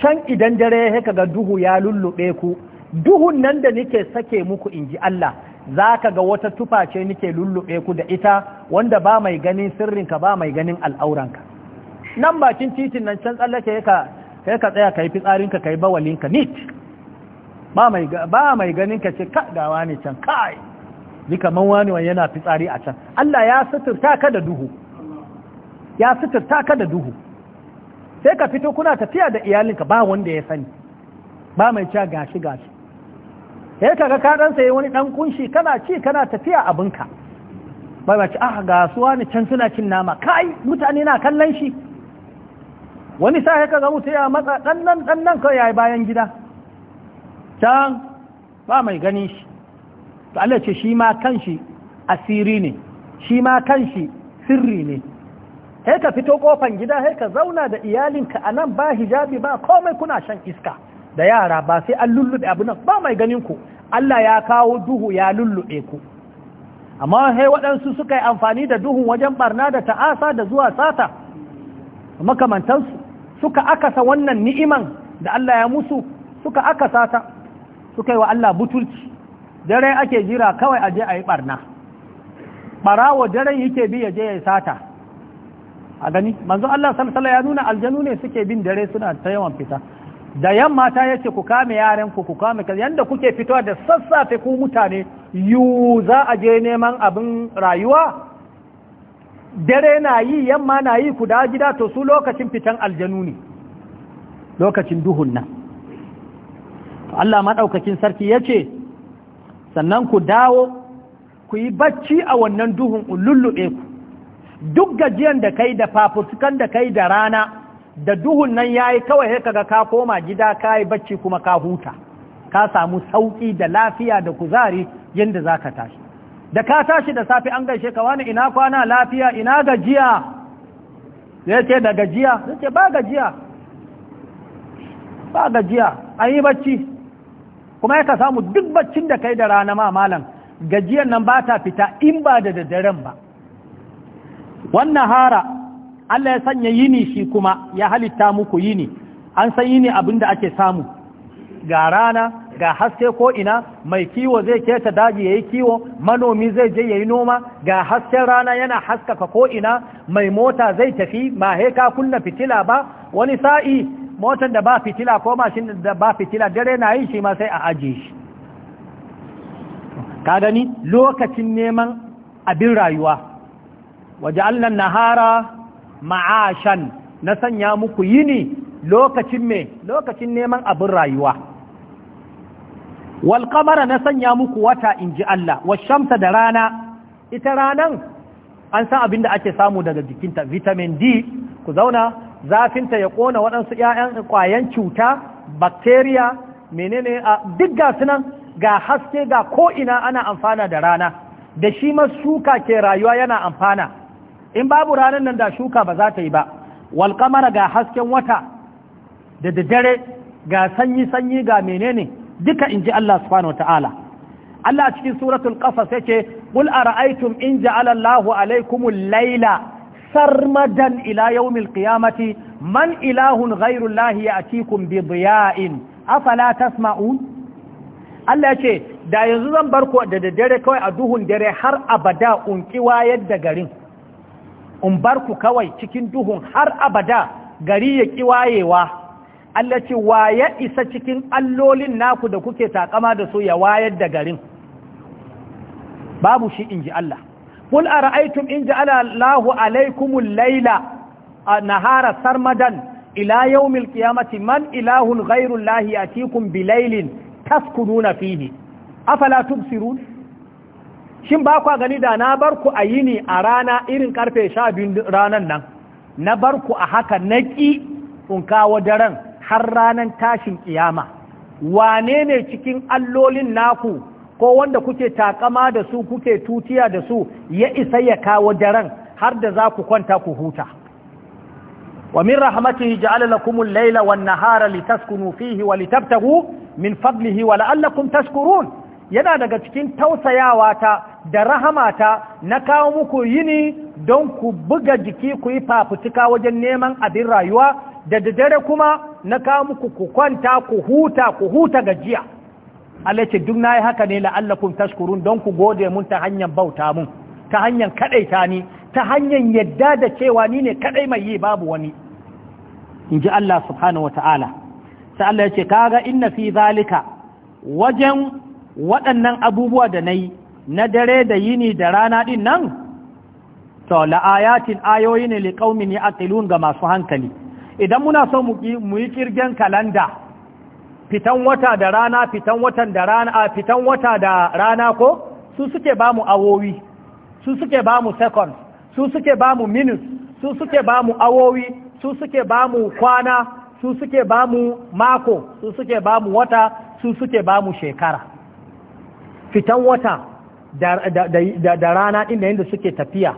can idan dare ya ga duhu ya lulluɓe ku duhun nan da nike sake muku in ji Allah za ka ga wata tufa ce nike lullube ku da ita wanda ba mai ganin sirrinka ba mai ganin al'auranka nan bakin titin nan can tsallake ka ka tsaya ka yi fitsarinka ka yi bawalinka nit ba mai ganin ka ce ka gawa wani can kai ni kaman wani wani yana fitsari a can Allah ya suturta ka da duhu ya suturta ka da duhu sai ka fito kuna tafiya da iyalinka ba wanda ya sani ba mai cewa gashi gashi ya kaga ka dan wani dan kunshi kana ci kana tafiya abinka bai ci ah ga suwa ne can suna cin nama kai mutane na kallon shi wani sa sai kaga mutu ya matsa dan nan dan nan kai yayi bayan gida can ba mai gani shi to Allah ce shi ma kanshi asiri ne shi ma kanshi sirri ne sai ka fito kofan gida sai ka zauna da iyalinka anan ba hijabi ba komai kuna shan iska da yara ba sai an lullube abu nan ba mai ganin ku Allah ya kawo duhu ya lullube ku amma sai waɗansu suka yi amfani da duhun wajen barna da ta'asa da zuwa sata makamantansu suka akasa wannan ni'iman da Allah ya musu suka akasa ta suka yi wa Allah butulci dare ake jira kawai aje a yi barna barawo daren yake bi ya je ya yi sata a gani manzo Allah sallallahu ya nuna aljanu ne suke bin dare suna ta yawan fita da yamma ta yace ku kame yaran ku ku kame yanda kuke fitowa da sassafe ku mutane yu za a je neman abin rayuwa dare na yi yamma na yi ku da gida to su lokacin fitan aljanu ne lokacin duhun nan Allah maɗaukakin sarki ya ce sannan ku dawo ku yi bacci a wannan duhun lullube ku duk gajiyan da kai da fafutukan da kai da rana da duhun nan yi kawai sai kaga ka koma gida ka yi bacci kuma ka huta ka samu sauki da lafiya da kuzari yadda za ka tashi da ka tashi da safi an gaishe ka wani ina kwana lafiya ina gajiya zai ce da gajiya zai ce ba gajiya ba gajiya an yi bacci kuma ya ka samu duk baccin da kai da rana ma malam gajiyan nan ba ta fita in ba da daddaren ba wannan hara Allah ya sanya yini shi kuma ya halitta muku yini an san yini abin da ake samu ga rana ga haske ko ina mai kiwo zai keta daji yayi kiwo manomi zai je yayi noma ga hasken rana yana haskaka ko ina mai mota zai tafi ba heka kunna fitila ba wani sa'i motar da ba fitila ko mashin da ba fitila dare na yi shi ma sai a ajiye shi ka gani lokacin neman abin rayuwa waje allan nahara ma'ashan na sanya muku yini lokacin me lokacin neman abin rayuwa wal na sanya muku wata inji Allah wa shamsa da rana ita ranan an san abin da ake samu daga jikinta vitamin D ku zauna zafinta ya kona waɗansu ƴaƴan ƙwayan cuta bacteria menene a duk ga sunan ga haske ga ko ina ana amfana da rana da shi masu shuka ke rayuwa yana amfana in babu ranar nan da shuka ba za ta yi ba walƙamara ga hasken wata da daddare ga sanyi-sanyi ga menene duka in ji Allah subhanahu Allah a cikin suratul ƙasa sai ce ƙul a ra'aitum in ja'ala Allahu alaikumul laila sarmadan ila yawmil qiyamati man ilahun ghairu Allah ya'tikum bi diya'in afala tasma'un Allah ya ce da yanzu zan bar ku da daddare kawai a duhun dare har abada unkiwa yadda garin in bar ku kawai cikin duhun har abada gari ya ƙi wayewa Allah ce wa ya isa cikin allolin naku da kuke takama da su ya wayar da garin babu shi in ji Allah kul a ra'aitun in ji Allahu alaikumul laila a nahara sarmadan ila yaumil qiyamati man ilahun ghairul lahi atikum bilailin taskununa fihi afala tubsirun shin ba kwa gani da na bar ku a yini a rana irin karfe sha biyu nan na bar ku a haka na ƙi kawo daren har ranar tashin ƙiyama wane ne cikin allolin naku ko wanda kuke takama da su kuke tutiya da su ya isa ya kawo daren har da za ku kwanta ku huta wa min rahmatihi ja'ala lakum al-layla wan-nahara litaskunu fihi wa litabtaghu min fadlihi wa la'allakum tashkurun yana daga cikin tausayawa ta da rahamata na kawo muku yini don ku buga jiki ku yi fafutuka wajen neman abin rayuwa da daddare kuma na kawo muku ku kwanta ku huta ku huta gajiya Allah ce duk nayi haka ne la'allakun tashkurun don ku gode mun ta hanyar bauta mun ta hanyar kadaita ni ta hanyar yadda da cewa ni ne kadai mai yi babu wani in ji Allah subhanahu wa ta'ala sai Allah ya ce kaga inna fi zalika wajen waɗannan abubuwa da na yi na dare da yini da rana din nan to la'ayatin ayoyi ne liqaumin yaqilun ga masu hankali idan muna so mu yi kirgen kalanda fitan wata da rana fitan watan da rana fitan wata da rana ko su suke ba mu awowi su suke ba mu seconds su suke ba mu minutes su suke ba mu awowi su suke ba mu kwana su suke ba mu mako su suke ba mu wata su suke ba mu shekara fitan wata da rana inda yadda suke tafiya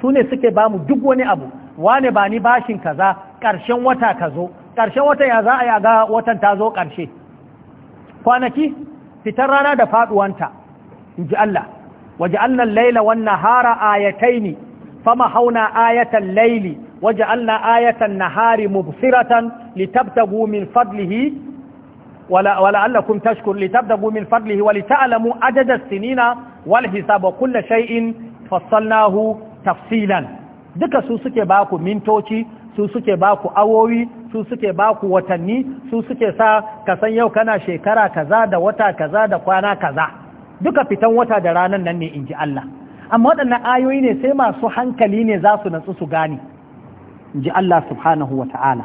su ne suke ba mu duk wani abu wane ba ni bashin kaza karshen wata ka zo ƙarshen wata ya za a yi ga watan ta zo ƙarshe kwanaki fitar rana da faɗuwanta in ji Allah waje annan laila wannan hara ayatai ne fama hauna ayatan laili waje Allah ayatan nahari mubsiratan litabtagu min fadlihi ولعلكم تشكر لتبدأوا من فضله ولتعلموا عدد السنين wal kulle kullu shay'in fassalnahu tafsilan duka su suke baku mintoci su suke baku awowi su suke baku watanni su suke sa ka san yau kana shekara kaza da wata kaza da kwana kaza duka fitan wata da ranan nan ne in ji Allah amma waɗannan ayoyi ne sai masu hankali ne za su natsu su gane in ji Allah subhanahu wa ta'ala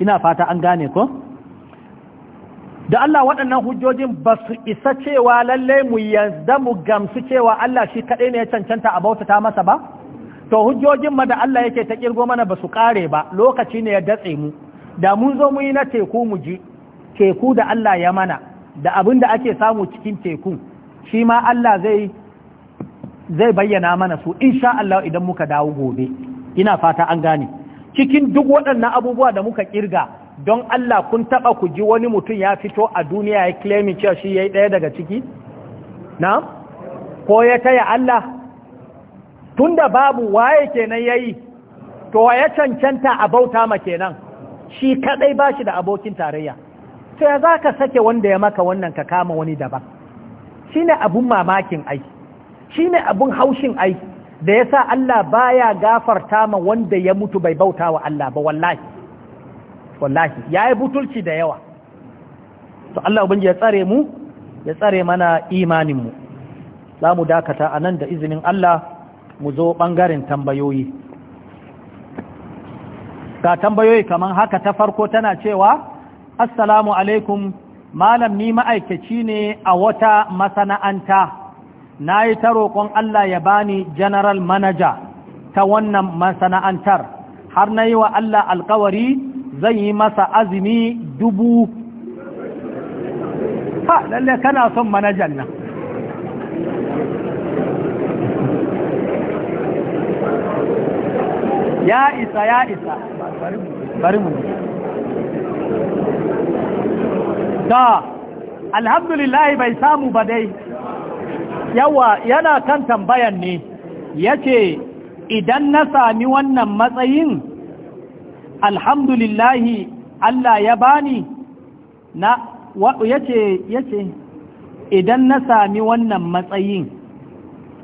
ina fata an gane ko da Allah waɗannan hujjojin ba su isa cewa lallai mu yanzu mu gamsu cewa Allah shi kaɗai ne ya cancanta a bautata masa ba to hujjojin ma da Allah yake ta kirgo mana ba su ƙare ba lokaci ne ya datse mu da mun zo mu yi na teku mu ji teku da Allah ya mana da abin da ake samu cikin teku shi ma Allah zai zai bayyana mana su insha Allah idan muka dawo gobe ina fata an gane cikin duk waɗannan abubuwa da muka kirga don Allah kun taɓa ku ji wani mutum ya fito a duniya ya claiming cewa shi ya yi ɗaya daga ciki? na? ko ya taya Allah? tunda babu waye kenan ya yi to ya cancanta a bauta ma kenan shi kaɗai ba shi da abokin tarayya to ya za ka sake wanda ya maka wannan ka kama wani daban shi ne abin mamakin ai shi ne abun haushin ai da ya sa Allah baya gafarta ma wanda ya mutu bai bauta wa Allah ba wallahi wallahi yi butulci da yawa to Allah ubangi ya tsare mu ya tsare mana imanin mu za mu dakata a nan da izinin Allah mu zo ɓangaren tambayoyi ga tambayoyi kamar haka ta farko tana cewa assalamu alaikum malam ni ma'aikaci ne a wata masana'anta na yi ta roƙon Allah ya bani general manager ta wannan masana'antar har na yi wa Allah alkawari zan yi masa azumi dubu ha lalle kana son manajan nan ya isa ya isa bari mu da alhamdulillah bai samu ba dai yawa yana kan tambayan ne yace idan na sami wannan matsayin alhamdulillahi Allah ya bani na yace yace idan na sami wannan matsayin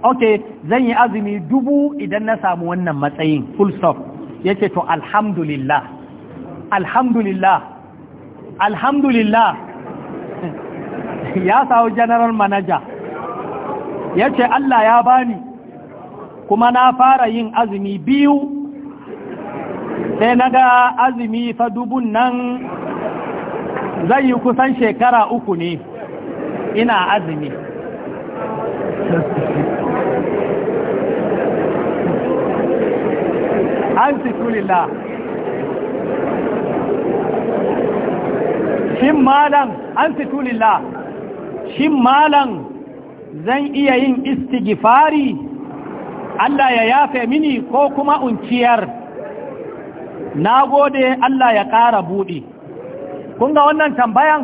ok zan yi azumi dubu idan na samu wannan matsayin full stop yace to alhamdulillah alhamdulillah alhamdulillah ya sawo general manager yace Allah ya bani kuma na fara yin azumi biyu sai na ga azumi fa dubun nan zai yi kusan shekara uku ne ina azumi an tikulila shin malam an tikulila shin malam zan iya yin istigifari Allah ya yafe mini ko kuma unciyar na gode Allah ya ƙara buɗe kun ga wannan tambayan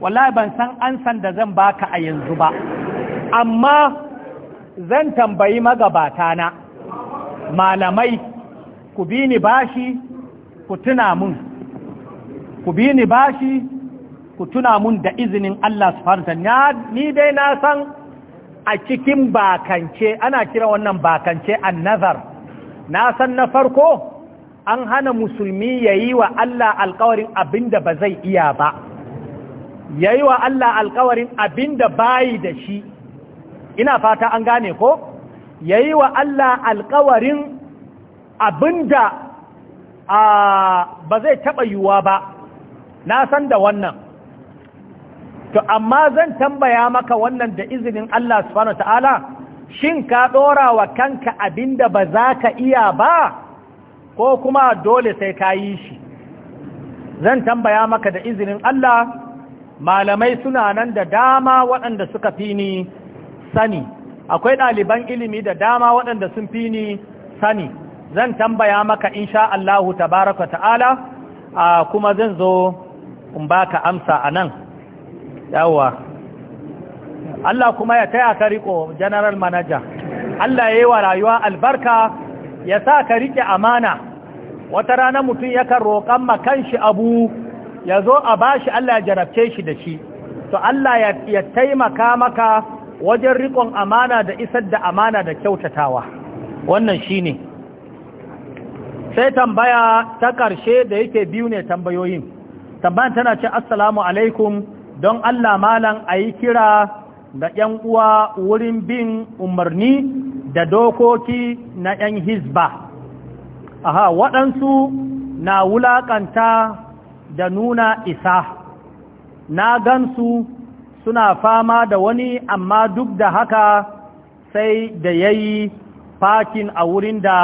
wallahi ban san ansan da zan baka a yanzu ba amma zan tambayi magabata na malamai ku bi ni bashi ku tuna mun ku bi ni bashi ku tuna mun da izinin Allah subhanahu ni dai na san a cikin bakance ana kira wannan bakance nazar na san na farko an hana musulmi ya yi wa Allah alkawarin abin da ba zai iya ba ya yi wa Allah alkawarin abin da bayi da shi ina fata an gane ko ya yi wa Allah alkawarin abin da ba zai taɓa yiwuwa ba na san da wannan to amma zan tambaya maka wannan da izinin Allah subhanahu wa ta'ala shin ka ɗora wa kanka abin da ba za ka iya ba ko kuma dole sai ka yi shi zan tambaya maka da izinin Allah malamai suna nan da dama waɗanda suka fi ni sani akwai ɗaliban ilimi da dama waɗanda sun fi ni sani zan tambaya maka insha Allahu tabaraka ta'ala kuma zan zo in baka amsa a nan yawa Allah kuma ya taya ka riko general manager Allah ya yi wa rayuwa albarka ya sa ka riƙe amana wata rana mutum yakan roƙon ma shi abu ya zo a bashi Allah ya jarabce shi da shi to Allah ya taimaka maka wajen riƙon amana da isar da amana da kyautatawa wannan shi ne sai tambaya ta ƙarshe da yake biyu ne tambayoyin tambayan tana ce assalamu alaikum don Allah malam a yi kira da ‘yan uwa wurin bin umarni da dokoki na 'yan Hisba, aha waɗansu na wulaƙanta da nuna isa na gansu suna fama da wani amma duk da haka sai da ya yi fakin a wurin da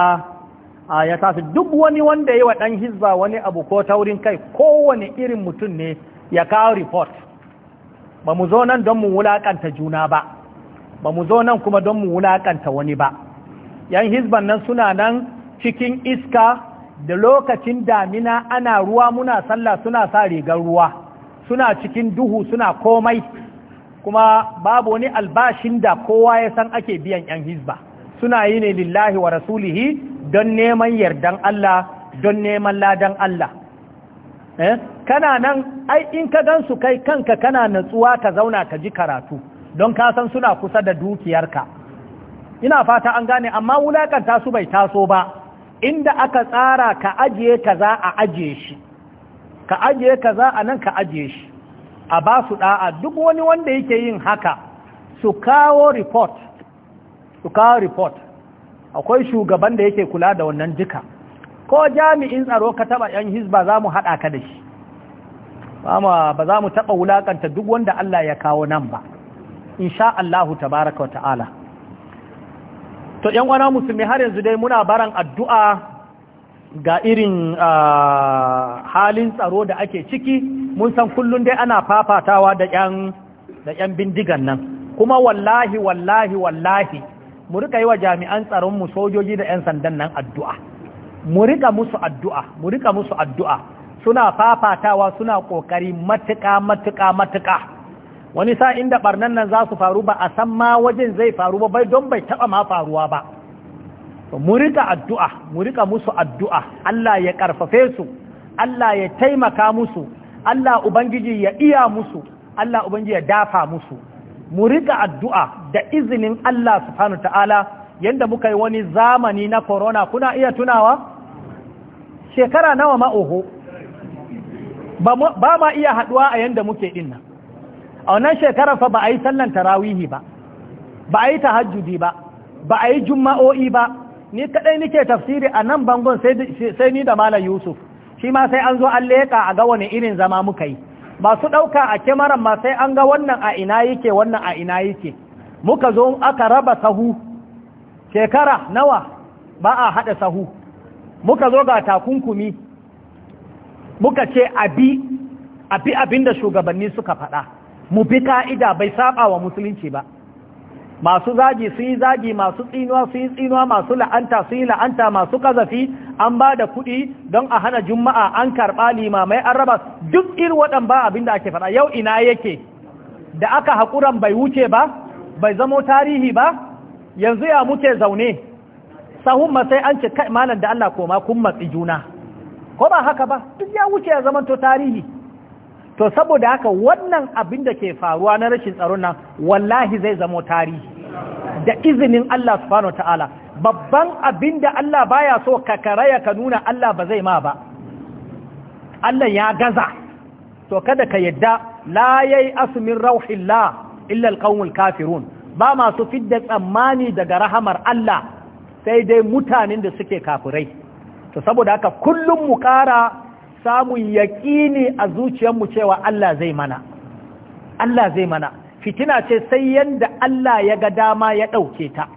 ya tafi duk wani wanda yi wa ɗan Hisba wani abu ko taurin kai kowane irin mutum ne ya kawo report ba mu zo nan don mu wulaƙanta juna ba ba mu zo nan kuma don mu wulakanta wani ba yan hizban nan suna nan cikin iska da lokacin damina ana ruwa muna sallah suna sa rigar ruwa suna cikin duhu suna komai kuma babu wani albashin da kowa ya san ake biyan yan hizba suna yi ne lillahi wa rasulihi don neman yardan Allah don neman ladan Allah eh, kana nan ai in ka gan su kai kanka kana natsuwa ka zauna ka ji karatu don ka san suna kusa da dukiyarka ina fata an gane amma wulakanta su bai taso ba inda aka tsara ka ajiye ka za a ajiye shi ka ajiye ka za a nan ka ajiye shi a ba su da'a duk wani wanda yake yin haka su kawo report su kawo report akwai shugaban da yake kula da wannan duka ko jami'in tsaro ka taɓa yan hizba za mu haɗa ka da shi ba za mu taɓa wulakanta duk wanda Allah ya kawo nan ba insha Allahu tabaraka ta'ala to yan wana musulmi har yanzu dai muna baran addu'a ga irin halin tsaro da ake ciki mun san kullum dai ana fafatawa da yan da bindigan nan kuma wallahi wallahi wallahi mu rika yi wa jami'an tsaron mu sojoji da yan sandan nan addu'a mu rika musu addu'a mu rika musu addu'a suna fafatawa suna ƙoƙari matuƙa matuƙa matuƙa wani sa inda barnan nan za su faru ba a san ma wajen zai faru ba bai don bai taba ma faruwa ba mu rika addu'a mu rika musu addu'a Allah ya karfafe su Allah ya taimaka musu Allah ubangiji ya iya musu Allah ubangiji ya dafa musu mu rika addu'a da izinin Allah subhanahu ta'ala yanda muka yi wani zamani na corona kuna iya tunawa shekara nawa ma oho ba ma iya haduwa a yanda muke dinnan a wannan shekarar fa ba a yi sallan tarawihi ba ba a yi tahajjudi ba ba a yi juma'o'i ba ni kadai nike tafsiri a nan bangon sai ni da malam yusuf shi ma sai an zo an leƙa a ga wani irin zama muka yi masu ɗauka a kyamaran ma sai an ga wannan a ina yake wannan a ina yake muka zo aka raba sahu shekara nawa ba a haɗa sahu muka zo ga takunkumi muka ce abi abi abin shugabanni suka faɗa mu fi ka'ida bai saba wa musulunci ba masu zagi su yi zagi masu tsinuwa su yi tsinuwa masu la'anta su yi la'anta masu kazafi an ba da kuɗi don a hana juma'a an karɓa limamai an raba duk irin waɗan ba abin da ake faɗa yau ina yake da aka haƙuran bai wuce ba bai zamo tarihi ba yanzu ya muke zaune sahun sai an ce kai malam da Allah koma kun matsi juna ko ba haka ba duk ya wuce ya zamanto tarihi to saboda haka wannan abin da ke faruwa na rashin tsaron nan wallahi zai zamo tarihi da izinin Allah subhanahu ta'ala babban abin da Allah baya so ka karaya ka nuna Allah ba zai ma ba Allah ya gaza to kada ka yadda la yayi asmin rauhillah illa alqawmul kafirun ba masu fidda tsammani daga rahamar Allah sai dai mutanen da suke kafurai. to saboda haka kullum mu kara samun yaƙini a zuciyarmu cewa Allah zai mana Allah zai mana fitina ce sai yanda Allah ya ga dama ya ɗauke ta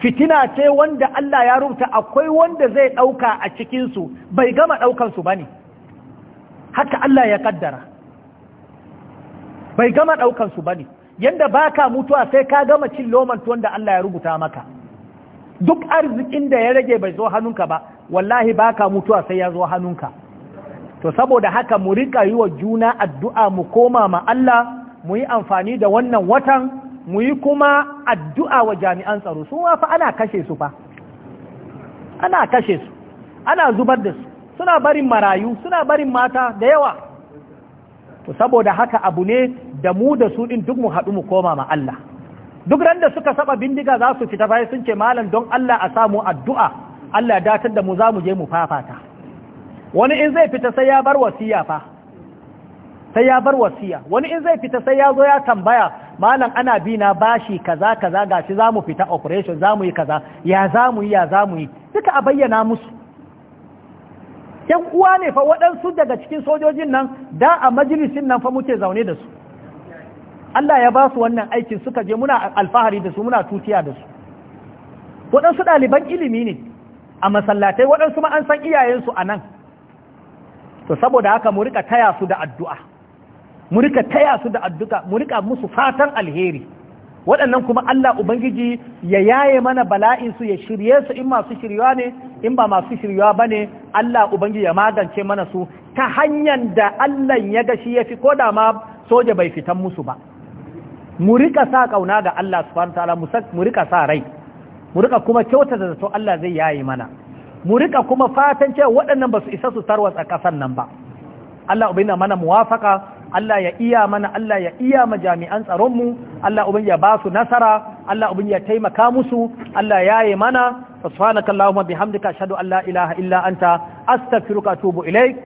fitina ce wanda Allah ya rubuta akwai wanda zai ɗauka a cikinsu bai gama ɗaukansu ba ne haka Allah ya ƙaddara bai gama ɗaukansu ba ne yadda ba ka mutuwa sai ka gama cin loman tuwon da Allah ya rubuta maka duk arzikin da ya rage bai zo hannunka ba wallahi ba ka mutuwa sai ya zo hannunka to saboda haka mu rika yi wa juna addu'a mu koma ma Allah mu yi amfani da wannan watan mu yi kuma addu'a wa jami'an tsaro sun wafa ana kashe su fa ana kashe su ana zubar da su suna barin marayu suna barin mata da yawa to saboda haka abu ne da mu da su ɗin duk mu haɗu mu koma ma Allah duk randa suka saba bindiga za su fita bayan sun ce malam don Allah a samu addu'a Allah ya datar da mu za mu je mu fafata wani in zai fita sai ya bar wasiya fa sai ya bar wasiya wani in zai fita sai ya zo ya tambaya malam ana bi na bashi kaza kaza gashi za fita operation za yi kaza ya za yi ya za yi duka a bayyana musu yan uwa ne fa waɗansu daga cikin sojojin nan da a majalisin nan fa muke zaune da su Allah ya ba su wannan aikin suka je muna alfahari da su muna tutiya da su waɗansu ɗaliban ilimi ne a masallatai waɗansu ma an san iyayensu a nan to saboda haka mu rika taya su da addu'a mu rika taya su da addu'a mu rika musu fatan alheri waɗannan kuma Allah Ubangiji ya yaye mana bala'in su ya shirye su in masu shiryawa ne in ba masu shiryawa ba ne Allah Ubangiji ya magance mana su ta hanyar da Allah ya ga shi yafi fi ko da ma soja bai fitan musu ba mu rika sa kauna ga Allah subhanahu wataala mu rika sa rai mu rika kuma kyautata da to Allah zai yaye mana mu rika kuma fatan cewa waɗannan ba su isa su tarwatsa ƙasan nan ba Allah ubangiji mana muwafaka Allah ya iya mana Allah ya iya ma jami'an tsaron mu Allah ubangiji ya ba su nasara Allah ya taimaka musu Allah ya yi mana subhanakallahumma bihamdika ashhadu an la ilaha illa anta astaghfiruka wa atubu ilaik